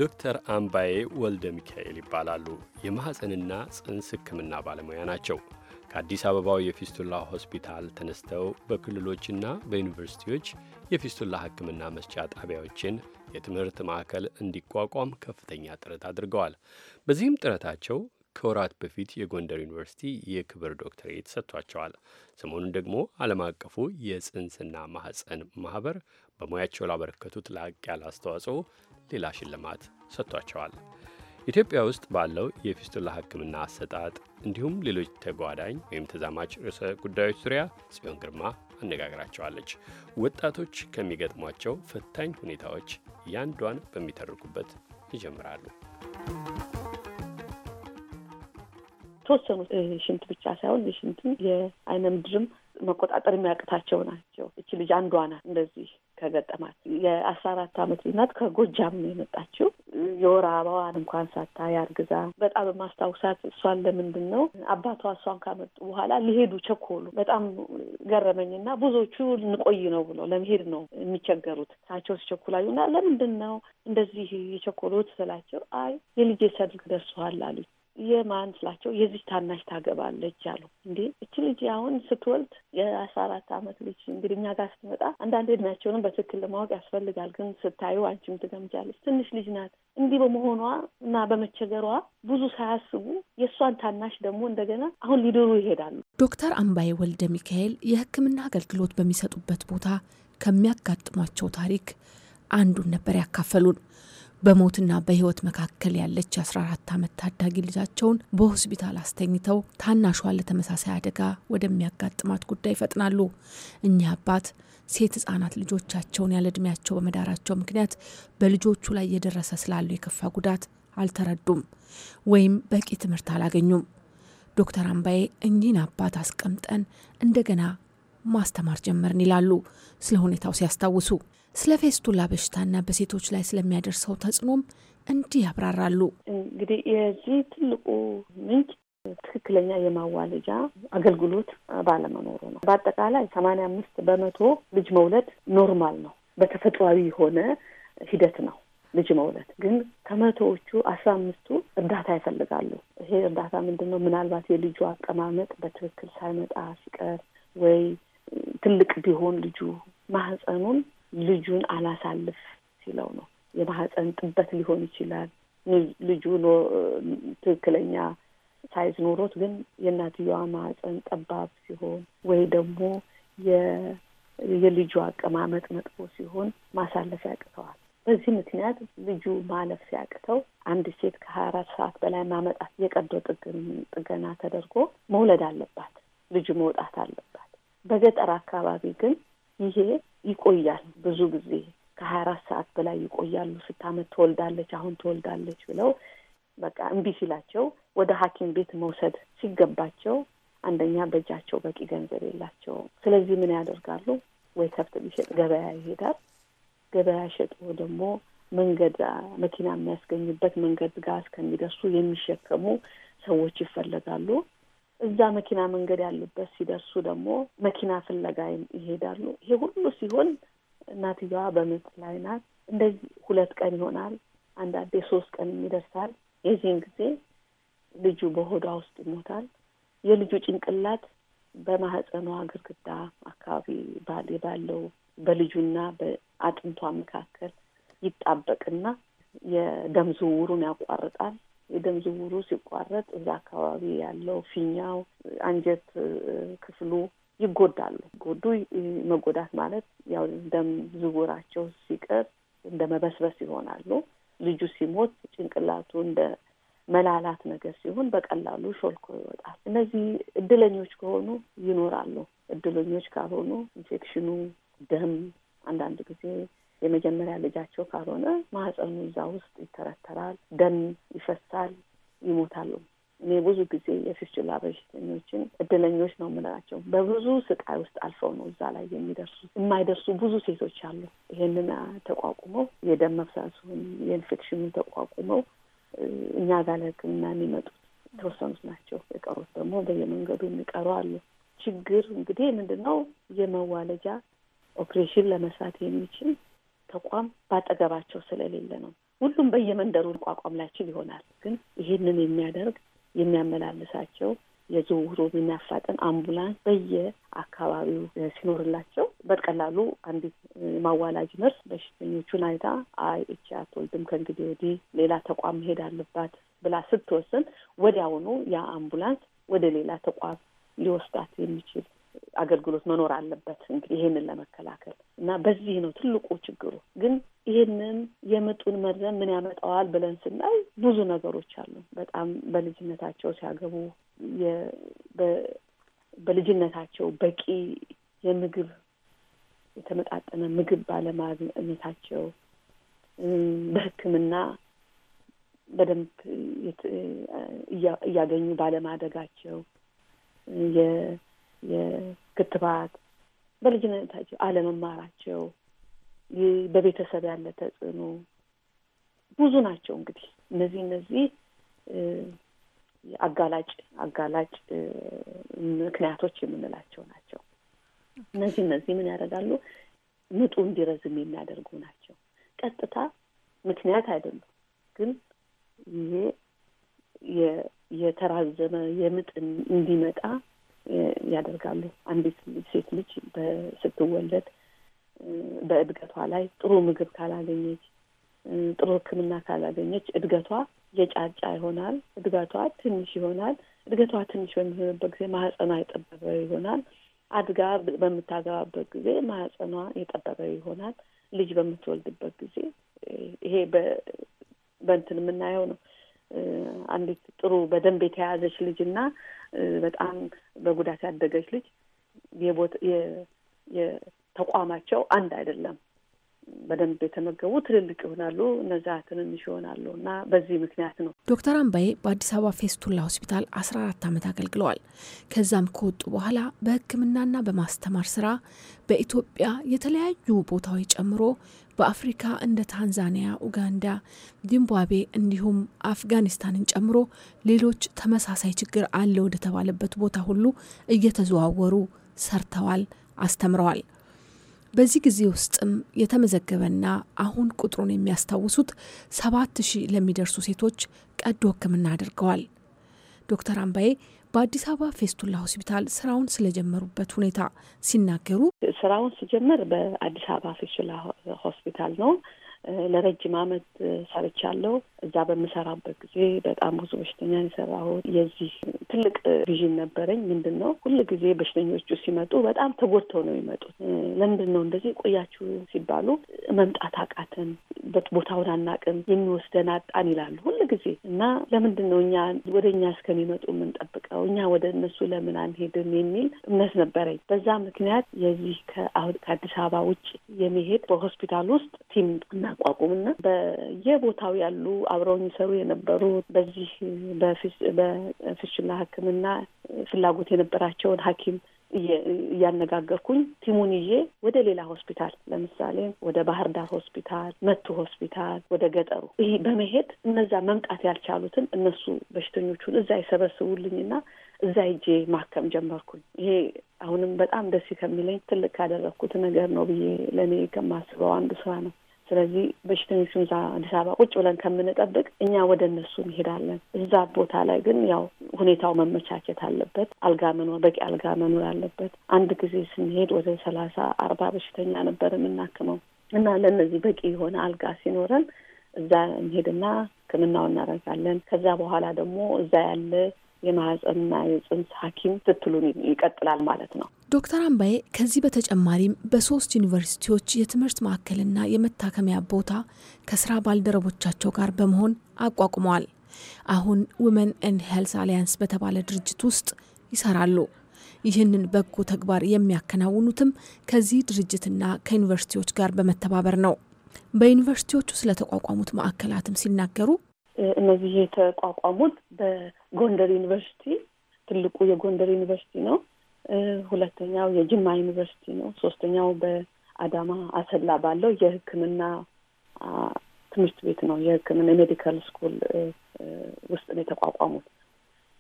ዶክተር አምባዬ ወልደ ሚካኤል ይባላሉ። የማኅፀንና ጽንስ ሕክምና ባለሙያ ናቸው። ከአዲስ አበባው የፊስቱላ ሆስፒታል ተነስተው በክልሎችና በዩኒቨርሲቲዎች የፊስቱላ ሕክምና መስጫ ጣቢያዎችን የትምህርት ማዕከል እንዲቋቋም ከፍተኛ ጥረት አድርገዋል። በዚህም ጥረታቸው ከወራት በፊት የጎንደር ዩኒቨርሲቲ የክብር ዶክተሬት ሰጥቷቸዋል። ሰሞኑን ደግሞ ዓለም አቀፉ የጽንስና ማህፀን ማህበር በሙያቸው ላበረከቱት ላቅ ያለ አስተዋጽኦ ሌላ ሽልማት ሰጥቷቸዋል። ኢትዮጵያ ውስጥ ባለው የፊስቱላ ሕክምና አሰጣጥ እንዲሁም ሌሎች ተጓዳኝ ወይም ተዛማች ርዕሰ ጉዳዮች ዙሪያ ጽዮን ግርማ አነጋግራቸዋለች። ወጣቶች ከሚገጥሟቸው ፈታኝ ሁኔታዎች ያንዷን በሚተርኩበት ይጀምራሉ። ተወሰኑ ሽንት ብቻ ሳይሆን የሽንትም የአይነ ምድርም መቆጣጠር የሚያቅታቸው ናቸው። እች ልጅ አንዷ ናት። እንደዚህ ከገጠማት የአስራ አራት አመት ልናት ከጎጃም ነው የመጣችው የወር አበባዋን እንኳን ሳታይ አርግዛ በጣም ማስታውሳት እሷን ለምንድን ነው አባቷ እሷን ካመጡ በኋላ ሊሄዱ ቸኮሉ። በጣም ገረመኝ እና ብዙዎቹ እንቆይ ነው ብሎ ለመሄድ ነው የሚቸገሩት ሳቸው ሲቸኩላዩ እና ለምንድን ነው እንደዚህ የቸኮሉት ስላቸው አይ የልጄ ሰርግ ደርሰዋል አሉኝ። የማን ስላቸው የዚህ ታናሽ ታገባለች አሉ። እንዴ እች ልጅ አሁን ስትወልድ የአስራ አራት አመት ልጅ እንግዲህ እኛ ጋር ስትመጣ አንዳንድ እድሜያቸውንም በትክክል ለማወቅ ያስፈልጋል። ግን ስታዩ አንቺም ትገምጃለች ትንሽ ልጅ ናት። እንዲህ በመሆኗ እና በመቸገሯ ብዙ ሳያስቡ የእሷን ታናሽ ደግሞ እንደገና አሁን ሊድሩ ይሄዳሉ። ዶክተር አምባዬ ወልደ ሚካኤል የሕክምና አገልግሎት በሚሰጡበት ቦታ ከሚያጋጥሟቸው ታሪክ አንዱን ነበር ያካፈሉን። በሞትና በህይወት መካከል ያለች የ14 ዓመት ታዳጊ ልጃቸውን በሆስፒታል አስተኝተው ታናሿ ለተመሳሳይ አደጋ ወደሚያጋጥማት ጉዳይ ይፈጥናሉ። እኚህ አባት ሴት ህጻናት ልጆቻቸውን ያለ በመዳራቸው ምክንያት በልጆቹ ላይ እየደረሰ ስላለው የከፋ ጉዳት አልተረዱም ወይም በቂ ትምህርት አላገኙም። ዶክተር አምባዬ እኚህን አባት አስቀምጠን እንደገና ማስተማር ጀመርን ይላሉ ስለ ሁኔታው ሲያስታውሱ ስለ ፌስቱላ በሽታና በሴቶች ላይ ስለሚያደርሰው ተጽዕኖም እንዲህ ያብራራሉ። እንግዲህ የዚህ ትልቁ ምንጭ ትክክለኛ የማዋለጃ አገልግሎት ባለመኖሩ ነው። በአጠቃላይ ሰማንያ አምስት በመቶ ልጅ መውለድ ኖርማል ነው፣ በተፈጥሯዊ የሆነ ሂደት ነው ልጅ መውለድ። ግን ከመቶዎቹ አስራ አምስቱ እርዳታ ይፈልጋሉ። ይሄ እርዳታ ምንድን ነው? ምናልባት የልጁ አቀማመጥ በትክክል ሳይመጣ ሲቀር ወይ ትልቅ ቢሆን ልጁ ማህፀኑን ልጁን አላሳልፍ ሲለው ነው። የማህፀን ጥበት ሊሆን ይችላል። ልጁ ትክክለኛ ሳይዝ ኖሮት ግን የእናትየዋ ማህፀን ጠባብ ሲሆን ወይ ደግሞ የልጁ አቀማመጥ መጥፎ ሲሆን ማሳለፍ ያቅተዋል። በዚህ ምክንያት ልጁ ማለፍ ሲያቅተው አንድ ሴት ከሀያ አራት ሰዓት በላይ ማመጣት የቀዶ ጥገና ተደርጎ መውለድ አለባት። ልጁ መውጣት አለባት። በገጠር አካባቢ ግን ይሄ ይቆያል። ብዙ ጊዜ ከሀያ አራት ሰዓት በላይ ይቆያሉ። ስታመት ትወልዳለች፣ አሁን ትወልዳለች ብለው በቃ እምቢ ሲላቸው ወደ ሐኪም ቤት መውሰድ ሲገባቸው አንደኛ በእጃቸው በቂ ገንዘብ የላቸውም። ስለዚህ ምን ያደርጋሉ? ወይ ከብት ሊሸጥ ገበያ ይሄዳል። ገበያ ሸጦ ደግሞ መንገድ መኪና የሚያስገኝበት መንገድ ጋር እስከሚደርሱ የሚሸከሙ ሰዎች ይፈለጋሉ። እዛ መኪና መንገድ ያሉበት ሲደርሱ ደግሞ መኪና ፍለጋ ይሄዳሉ። ይሄ ሁሉ ሲሆን እናትየዋ በምጥ ላይ ናት። እንደዚህ ሁለት ቀን ይሆናል፣ አንዳንዴ ሶስት ቀን ይደርሳል። የዚህን ጊዜ ልጁ በሆዷ ውስጥ ይሞታል። የልጁ ጭንቅላት በማህፀኗ ግድግዳ አካባቢ ባል ባለው በልጁና በአጥንቷ መካከል ይጣበቅና የደም ዝውውሩን ያቋርጣል። የደም ዝውውሩ ሲቋረጥ እዛ አካባቢ ያለው ፊኛው፣ አንጀት ክፍሉ ይጎዳሉ። ጎዱ መጎዳት ማለት ያው ደም ዝውውራቸው ሲቀር እንደ መበስበስ ይሆናሉ። ልጁ ሲሞት ጭንቅላቱ እንደ መላላት ነገር ሲሆን በቀላሉ ሾልኮ ይወጣል። እነዚህ እድለኞች ከሆኑ ይኖራሉ። እድለኞች ካልሆኑ ኢንፌክሽኑ ደም አንዳንድ ጊዜ የመጀመሪያ ልጃቸው ካልሆነ ማህፀኑ እዛ ውስጥ ይተረተራል፣ ደም ይፈሳል፣ ይሞታሉ። እኔ ብዙ ጊዜ የፊስቱላ በሽተኞችን እድለኞች ነው የምንላቸው። በብዙ ስቃይ ውስጥ አልፈው ነው እዛ ላይ የሚደርሱ። የማይደርሱ ብዙ ሴቶች አሉ። ይሄንን ተቋቁመው የደም መፍሳሱን የኢንፌክሽኑን ተቋቁመው እኛ ጋር ለሕክምና የሚመጡት የተወሰኑት ናቸው። የቀሩት ደግሞ በየመንገዱ የሚቀሩ አሉ። ችግር እንግዲህ ምንድን ነው የመዋለጃ ኦፕሬሽን ለመስራት የሚችል ተቋም ባጠገባቸው ስለሌለ ነው። ሁሉም በየመንደሩ ቋቋም ላይችል ይሆናል። ግን ይህንን የሚያደርግ የሚያመላልሳቸው የዝውውሩ የሚያፋጠን አምቡላንስ በየአካባቢው ሲኖርላቸው በቀላሉ አንዲት ማዋላጅ ነርስ በሽተኞቹን አይታ አይ እቺ አትወልድም ከእንግዲህ ወዲህ ሌላ ተቋም መሄድ አለባት ብላ ስትወስን ወዲያውኑ ያ አምቡላንስ ወደ ሌላ ተቋም ሊወስዳት የሚችል አገልግሎት መኖር አለበት። እንግዲህ ይህንን ለመከላከል እና በዚህ ነው ትልቁ ችግሩ። ግን ይህንን የምጡን መድረን ምን ያመጣዋል ብለን ስናይ ብዙ ነገሮች አሉ። በጣም በልጅነታቸው ሲያገቡ በልጅነታቸው በቂ የምግብ የተመጣጠነ ምግብ ባለማግኘታቸው በሕክምና በደንብ እያገኙ ባለማደጋቸው የክትባት በልጅነታቸው አለመማራቸው፣ በቤተሰብ ያለ ተጽዕኖ ብዙ ናቸው። እንግዲህ እነዚህ እነዚህ አጋላጭ አጋላጭ ምክንያቶች የምንላቸው ናቸው። እነዚህ እነዚህ ምን ያደርጋሉ? ምጡ እንዲረዝም የሚያደርጉ ናቸው። ቀጥታ ምክንያት አይደሉም፣ ግን ይሄ የተራዘመ የምጥ እንዲመጣ ያደርጋሉ። አንዲት ሴት ልጅ ስትወለድ በእድገቷ ላይ ጥሩ ምግብ ካላገኘች፣ ጥሩ ሕክምና ካላገኘች እድገቷ የጫጫ ይሆናል። እድገቷ ትንሽ ይሆናል። እድገቷ ትንሽ በሚሆንበት ጊዜ ማህፀኗ የጠበበ ይሆናል። አድጋ በምታገባበት ጊዜ ማህፀኗ የጠበበ ይሆናል። ልጅ በምትወልድበት ጊዜ ይሄ በእንትን የምናየው ነው። አንዲት ጥሩ በደንብ የተያዘች ልጅ እና በጣም በጉዳት ያደገች ልጅ የተቋማቸው አንድ አይደለም። በደንብ የተመገቡ ትልልቅ ይሆናሉ፣ እነዛ ትንንሽ ይሆናሉ እና በዚህ ምክንያት ነው። ዶክተር አምባዬ በአዲስ አበባ ፌስቱላ ሆስፒታል አስራ አራት ዓመት አገልግለዋል። ከዛም ከወጡ በኋላ በሕክምናና በማስተማር ስራ በኢትዮጵያ የተለያዩ ቦታዎች ጨምሮ በአፍሪካ እንደ ታንዛኒያ፣ ኡጋንዳ፣ ዚምባብዌ እንዲሁም አፍጋኒስታንን ጨምሮ ሌሎች ተመሳሳይ ችግር አለ ወደተባለበት ቦታ ሁሉ እየተዘዋወሩ ሰርተዋል፣ አስተምረዋል። በዚህ ጊዜ ውስጥም የተመዘገበና አሁን ቁጥሩን የሚያስታውሱት ሰባት ሺህ ለሚደርሱ ሴቶች ቀዶ ሕክምና አድርገዋል። ዶክተር አምባዬ በአዲስ አበባ ፌስቱላ ሆስፒታል ስራውን ስለጀመሩበት ሁኔታ ሲናገሩ ስራውን ስጀመር በአዲስ አበባ ፌስቱላ ሆስፒታል ነው ለረጅም ዓመት ሰርቻለሁ። እዛ በምሰራበት ጊዜ በጣም ብዙ በሽተኛ የሰራሁት የዚህ ትልቅ ቪዥን ነበረኝ። ምንድን ነው ሁል ጊዜ በሽተኞቹ ሲመጡ በጣም ተጎድተው ነው የሚመጡት። ለምንድን ነው እንደዚህ ቆያችሁ ሲባሉ መምጣት አቃትን፣ ቦታውን አናቅም፣ የሚወስደን አጣን ይላሉ ሁል ጊዜ እና ለምንድን ነው እኛ ወደ እኛ እስከሚመጡ የምንጠብቀው እኛ ወደ እነሱ ለምን አንሄድም የሚል እምነት ነበረኝ። በዛ ምክንያት የዚህ ከአሁን ከአዲስ አበባ ውጭ የሚሄድ በሆስፒታል ውስጥ ቲም እናቋቁምና በየቦታው ያሉ አብረው ይሰሩ የነበሩ በዚህ በፍሽና ሕክምና ፍላጎት የነበራቸውን ሐኪም እያነጋገርኩኝ ቲሙን ይዤ ወደ ሌላ ሆስፒታል ለምሳሌ ወደ ባህር ዳር ሆስፒታል፣ መቱ ሆስፒታል፣ ወደ ገጠሩ ይህ በመሄድ እነዛ መምጣት ያልቻሉትን እነሱ በሽተኞቹን እዛ ይሰበስቡልኝና እዛ ይጄ ማከም ጀመርኩኝ። ይሄ አሁንም በጣም ደስ ከሚለኝ ትልቅ ካደረግኩት ነገር ነው ብዬ ለእኔ ከማስበው አንዱ ስራ ነው። ስለዚህ በሽተኞች እዛ አዲስ አበባ ቁጭ ብለን ከምንጠብቅ እኛ ወደ እነሱ እንሄዳለን። እዛ ቦታ ላይ ግን ያው ሁኔታው መመቻቸት አለበት። አልጋ መኖር፣ በቂ አልጋ መኖር አለበት። አንድ ጊዜ ስንሄድ ወደ ሰላሳ አርባ በሽተኛ ነበር የምናክመው እና ለእነዚህ በቂ የሆነ አልጋ ሲኖረን እዛ እንሄድና ሕክምናው እናደርጋለን። ከዛ በኋላ ደግሞ እዛ ያለ የማህፀንና የጽንስ ሐኪም ትትሉን ይቀጥላል ማለት ነው። ዶክተር አምባዬ ከዚህ በተጨማሪም በሶስት ዩኒቨርሲቲዎች የትምህርት ማዕከልና የመታከሚያ ቦታ ከስራ ባልደረቦቻቸው ጋር በመሆን አቋቁመዋል። አሁን ውመን ኤንድ ሄልስ አሊያንስ በተባለ ድርጅት ውስጥ ይሰራሉ። ይህንን በጎ ተግባር የሚያከናውኑትም ከዚህ ድርጅትና ከዩኒቨርሲቲዎች ጋር በመተባበር ነው። በዩኒቨርሲቲዎቹ ስለተቋቋሙት ማዕከላትም ሲናገሩ እነዚህ የተቋቋሙት በጎንደር ዩኒቨርሲቲ ትልቁ የጎንደር ዩኒቨርሲቲ ነው። ሁለተኛው የጅማ ዩኒቨርሲቲ ነው። ሶስተኛው በአዳማ አሰላ ባለው የሕክምና ትምህርት ቤት ነው። የሕክምና የሜዲካል ስኩል ውስጥ ነው የተቋቋሙት።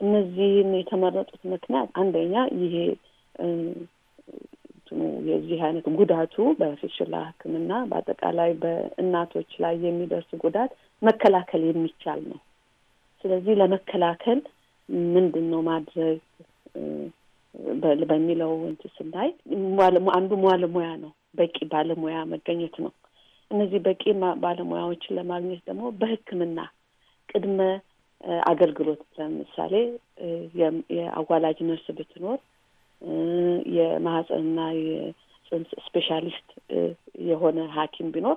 እነዚህን የተመረጡት ምክንያት አንደኛ ይሄ የዚህ አይነት ጉዳቱ በፊሽላ ሕክምና በአጠቃላይ በእናቶች ላይ የሚደርስ ጉዳት መከላከል የሚቻል ነው። ስለዚህ ለመከላከል ምንድን ነው ማድረግ በሚለው እንትን ስናይ አንዱ ባለሙያ ነው፣ በቂ ባለሙያ መገኘት ነው። እነዚህ በቂ ባለሙያዎችን ለማግኘት ደግሞ በሕክምና ቅድመ አገልግሎት ለምሳሌ የአዋላጅ ነርስ ብትኖር የማህፀንና የጽንስ ስፔሻሊስት የሆነ ሐኪም ቢኖር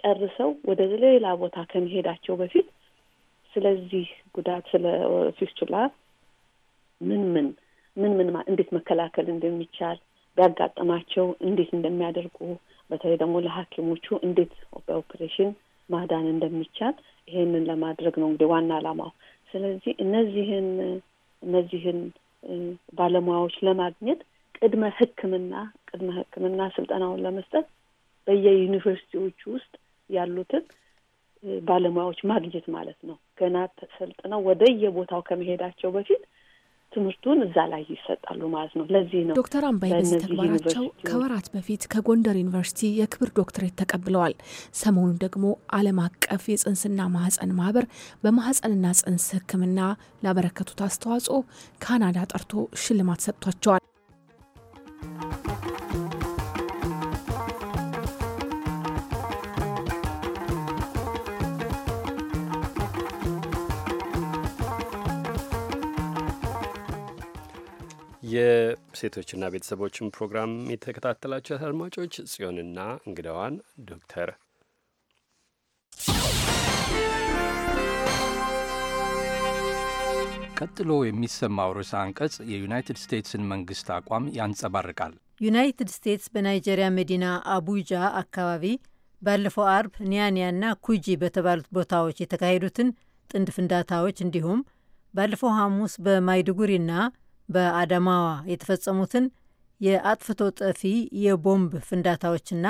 ጨርሰው ወደ ሌላ ቦታ ከመሄዳቸው በፊት ስለዚህ ጉዳት ስለ ፊስቱላ ምን ምን ምን ምን እንዴት መከላከል እንደሚቻል ቢያጋጥማቸው እንዴት እንደሚያደርጉ በተለይ ደግሞ ለሐኪሞቹ እንዴት በኦፕሬሽን ማዳን እንደሚቻል ይሄንን ለማድረግ ነው እንግዲህ ዋና ዓላማው። ስለዚህ እነዚህን እነዚህን ባለሙያዎች ለማግኘት ቅድመ ሕክምና ቅድመ ሕክምና ስልጠናውን ለመስጠት በየዩኒቨርሲቲዎቹ ውስጥ ያሉትን ባለሙያዎች ማግኘት ማለት ነው። ገና ተሰልጥነው ወደየቦታው ከመሄዳቸው በፊት ትምህርቱን እዛ ላይ ይሰጣሉ ማለት ነው። ለዚህ ነው ዶክተር አምባይ በዚህ ተግባራቸው ከወራት በፊት ከጎንደር ዩኒቨርሲቲ የክብር ዶክትሬት ተቀብለዋል። ሰሞኑን ደግሞ ዓለም አቀፍ የጽንስና ማህፀን ማህበር በማህፀንና ጽንስ ሕክምና ላበረከቱት አስተዋጽኦ ካናዳ ጠርቶ ሽልማት ሰጥቷቸዋል። የሴቶችና ቤተሰቦችን ፕሮግራም የተከታተላቸው አድማጮች ጽዮንና እንግዳዋን ዶክተር ቀጥሎ የሚሰማው ርዕሰ አንቀጽ የዩናይትድ ስቴትስን መንግስት አቋም ያንጸባርቃል። ዩናይትድ ስቴትስ በናይጄሪያ መዲና አቡጃ አካባቢ ባለፈው አርብ ኒያኒያና ኩጂ በተባሉት ቦታዎች የተካሄዱትን ጥንድ ፍንዳታዎች እንዲሁም ባለፈው ሐሙስ በማይድጉሪና በአዳማዋ የተፈጸሙትን የአጥፍቶ ጠፊ የቦምብ ፍንዳታዎችና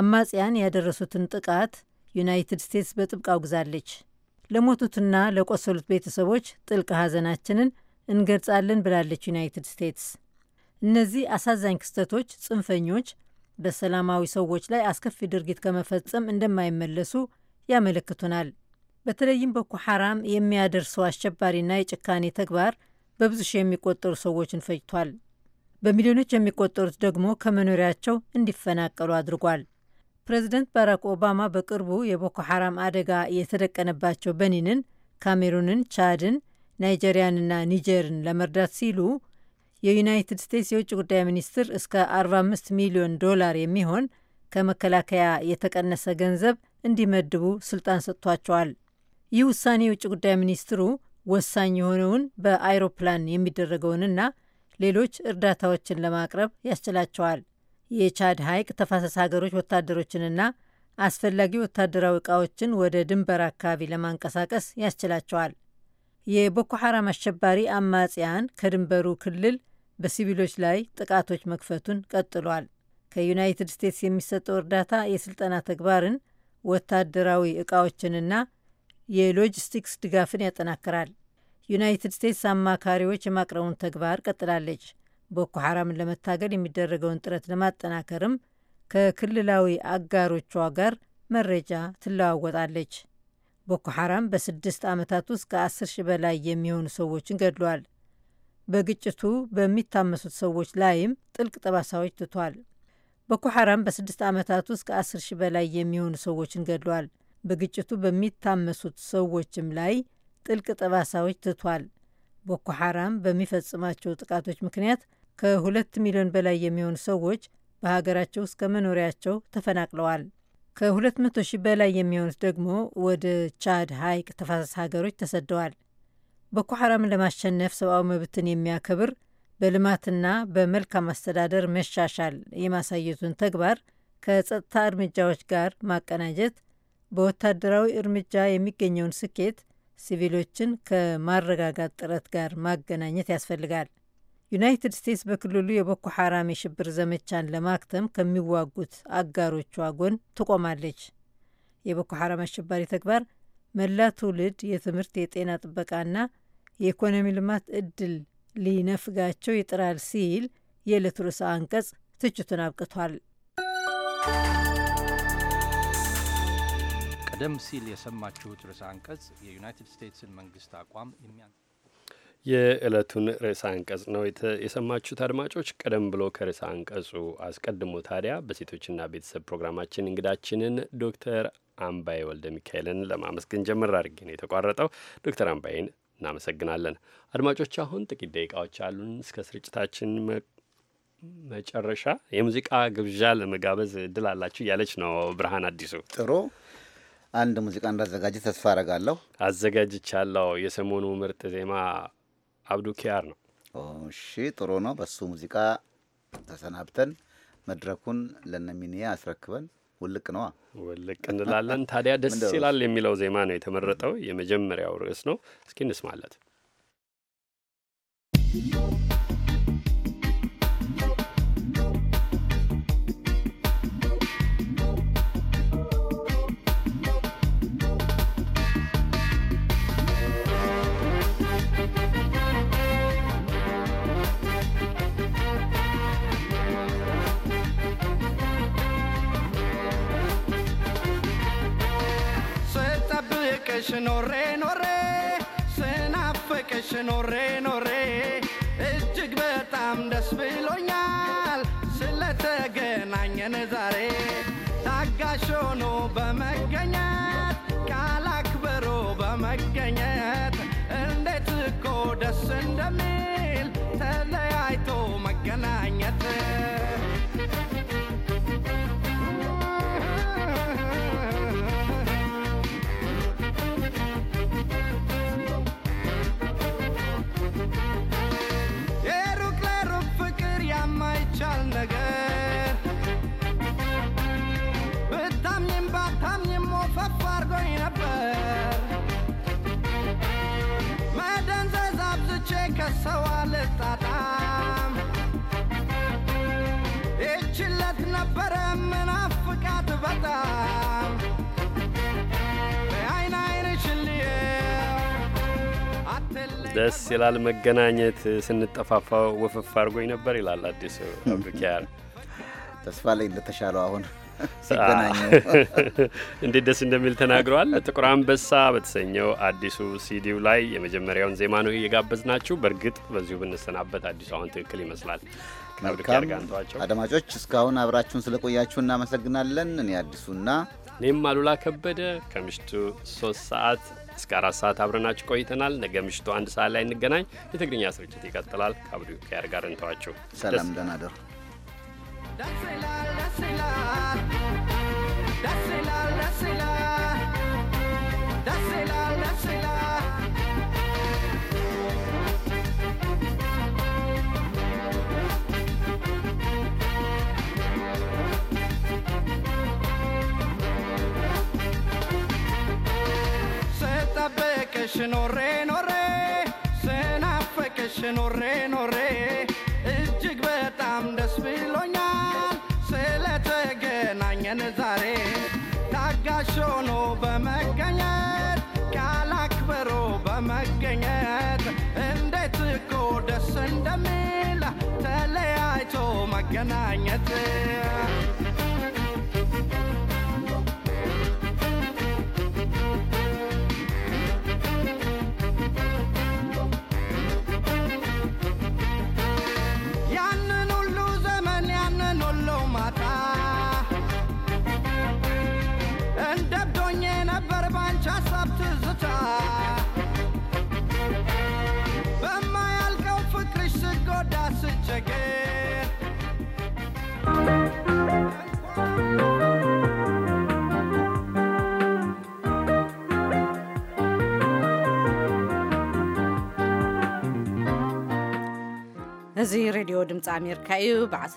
አማጽያን ያደረሱትን ጥቃት ዩናይትድ ስቴትስ በጥብቅ አውግዛለች። ለሞቱትና ለቆሰሉት ቤተሰቦች ጥልቅ ሐዘናችንን እንገልጻለን ብላለች ዩናይትድ ስቴትስ። እነዚህ አሳዛኝ ክስተቶች ጽንፈኞች በሰላማዊ ሰዎች ላይ አስከፊ ድርጊት ከመፈጸም እንደማይመለሱ ያመለክቱናል። በተለይም ቦኮ ሐራም የሚያደርሰው አሸባሪና የጭካኔ ተግባር በብዙ ሺህ የሚቆጠሩ ሰዎችን ፈጅቷል። በሚሊዮኖች የሚቆጠሩት ደግሞ ከመኖሪያቸው እንዲፈናቀሉ አድርጓል። ፕሬዚደንት ባራክ ኦባማ በቅርቡ የቦኮ ሐራም አደጋ የተደቀነባቸው በኒንን፣ ካሜሩንን፣ ቻድን፣ ናይጄሪያንና ኒጀርን ለመርዳት ሲሉ የዩናይትድ ስቴትስ የውጭ ጉዳይ ሚኒስትር እስከ 45 ሚሊዮን ዶላር የሚሆን ከመከላከያ የተቀነሰ ገንዘብ እንዲመድቡ ስልጣን ሰጥቷቸዋል። ይህ ውሳኔ የውጭ ጉዳይ ሚኒስትሩ ወሳኝ የሆነውን በአይሮፕላን የሚደረገውንና ሌሎች እርዳታዎችን ለማቅረብ ያስችላቸዋል። የቻድ ሐይቅ ተፋሰስ ሀገሮች ወታደሮችንና አስፈላጊ ወታደራዊ ዕቃዎችን ወደ ድንበር አካባቢ ለማንቀሳቀስ ያስችላቸዋል። የቦኮ ሐራም አሸባሪ አማጽያን ከድንበሩ ክልል በሲቪሎች ላይ ጥቃቶች መክፈቱን ቀጥሏል። ከዩናይትድ ስቴትስ የሚሰጠው እርዳታ የስልጠና ተግባርን፣ ወታደራዊ ዕቃዎችንና የሎጂስቲክስ ድጋፍን ያጠናክራል። ዩናይትድ ስቴትስ አማካሪዎች የማቅረቡን ተግባር ቀጥላለች። ቦኮ ሐራምን ለመታገል የሚደረገውን ጥረት ለማጠናከርም ከክልላዊ አጋሮቿ ጋር መረጃ ትለዋወጣለች። ቦኮ ሐራም በስድስት ዓመታት ውስጥ ከአስር ሺህ በላይ የሚሆኑ ሰዎችን ገድሏል። በግጭቱ በሚታመሱት ሰዎች ላይም ጥልቅ ጠባሳዎች ትቷል። ቦኮ ሐራም በስድስት ዓመታት ውስጥ ከአስር ሺህ በላይ የሚሆኑ ሰዎችን ገድሏል። በግጭቱ በሚታመሱት ሰዎችም ላይ ጥልቅ ጠባሳዎች ትቷል። ቦኮ ሐራም በሚፈጽማቸው ጥቃቶች ምክንያት ከሁለት ሚሊዮን በላይ የሚሆኑ ሰዎች በሀገራቸው እስከ መኖሪያቸው ተፈናቅለዋል። ከሁለት መቶ ሺህ በላይ የሚሆኑት ደግሞ ወደ ቻድ ሐይቅ ተፋሰስ ሀገሮች ተሰደዋል። ቦኮ ሐራምን ለማሸነፍ ሰብአዊ መብትን የሚያከብር በልማትና በመልካም አስተዳደር መሻሻል የማሳየቱን ተግባር ከጸጥታ እርምጃዎች ጋር ማቀናጀት በወታደራዊ እርምጃ የሚገኘውን ስኬት ሲቪሎችን ከማረጋጋት ጥረት ጋር ማገናኘት ያስፈልጋል። ዩናይትድ ስቴትስ በክልሉ የቦኮ ሐራም የሽብር ዘመቻን ለማክተም ከሚዋጉት አጋሮቿ ጎን ትቆማለች። የቦኮ ሐራም አሸባሪ ተግባር መላ ትውልድ የትምህርት፣ የጤና ጥበቃና የኢኮኖሚ ልማት እድል ሊነፍጋቸው ይጥራል ሲል የዕለት ርዕሰ አንቀጽ ትችቱን አብቅቷል። ቀደም ሲል የሰማችሁት ርዕሰ አንቀጽ የዩናይትድ ስቴትስን መንግስት አቋም የሚያ የዕለቱን ርዕሰ አንቀጽ ነው የሰማችሁት አድማጮች። ቀደም ብሎ ከርዕሰ አንቀጹ አስቀድሞ ታዲያ በሴቶችና ቤተሰብ ፕሮግራማችን እንግዳችንን ዶክተር አምባዬ ወልደ ሚካኤልን ለማመስገን ጀምር አድርጌ ነው የተቋረጠው። ዶክተር አምባይን እናመሰግናለን። አድማጮች አሁን ጥቂት ደቂቃዎች አሉን እስከ ስርጭታችን መጨረሻ የሙዚቃ ግብዣ ለመጋበዝ እድል አላችሁ እያለች ነው ብርሃን አዲሱ ጥሩ አንድ ሙዚቃ እንዳዘጋጅ ተስፋ አረጋለሁ። አዘጋጅቻለሁ። የሰሞኑ ምርጥ ዜማ አብዱ ኪያር ነው። እሺ፣ ጥሩ ነው። በሱ ሙዚቃ ተሰናብተን መድረኩን ለነሚኒያ አስረክበን ውልቅ ነዋ ውልቅ እንላለን። ታዲያ ደስ ይላል የሚለው ዜማ ነው የተመረጠው። የመጀመሪያው ርዕስ ነው። እስኪ እንስማለት። ደስ ይላል መገናኘት። ስንጠፋፋ ወፈፍ አድርጎኝ ነበር ይላል አዲሱ አብዱኪያር። ተስፋ ላይ እንደተሻለው አሁን እንዴት ደስ እንደሚል ተናግረዋል። ጥቁር አንበሳ በተሰኘው አዲሱ ሲዲው ላይ የመጀመሪያውን ዜማ ነው እየጋበዝናችሁ። በእርግጥ በዚሁ ብንሰናበት አዲሱ አሁን ትክክል ይመስላል። አድማጮች እስካሁን አብራችሁን ስለቆያችሁ እናመሰግናለን። እኔ አዲሱና እኔም አሉላ ከበደ ከምሽቱ ሶስት ሰዓት እስከ አራት ሰዓት አብረናችሁ ቆይተናል። ነገ ምሽቱ አንድ ሰዓት ላይ እንገናኝ። የትግርኛ ስርጭት ይቀጥላል። ከአብዱ ከያር ጋር እንተዋችሁ። ሰላም፣ ደህና ደሩ። ደስ ይላል፣ ደስ ይላል፣ ደስ ይላል፣ ደስ ስናፍቅሽ ኖሬ ኖሬ ስናፍቅሽ ኖሬ ኖሬ እጅግ በጣም ደስ ብሎኛል ስለተገናኘን ዛሬ ታጋሽ ሆኖ በመገኘት ቃል በመገኘት እንዴት እኮ ደስ እንደሚል ተለያይቶ መገናኘት እዚ ረድዮ ድምፂ ኣሜሪካ እዩ ብዓሰ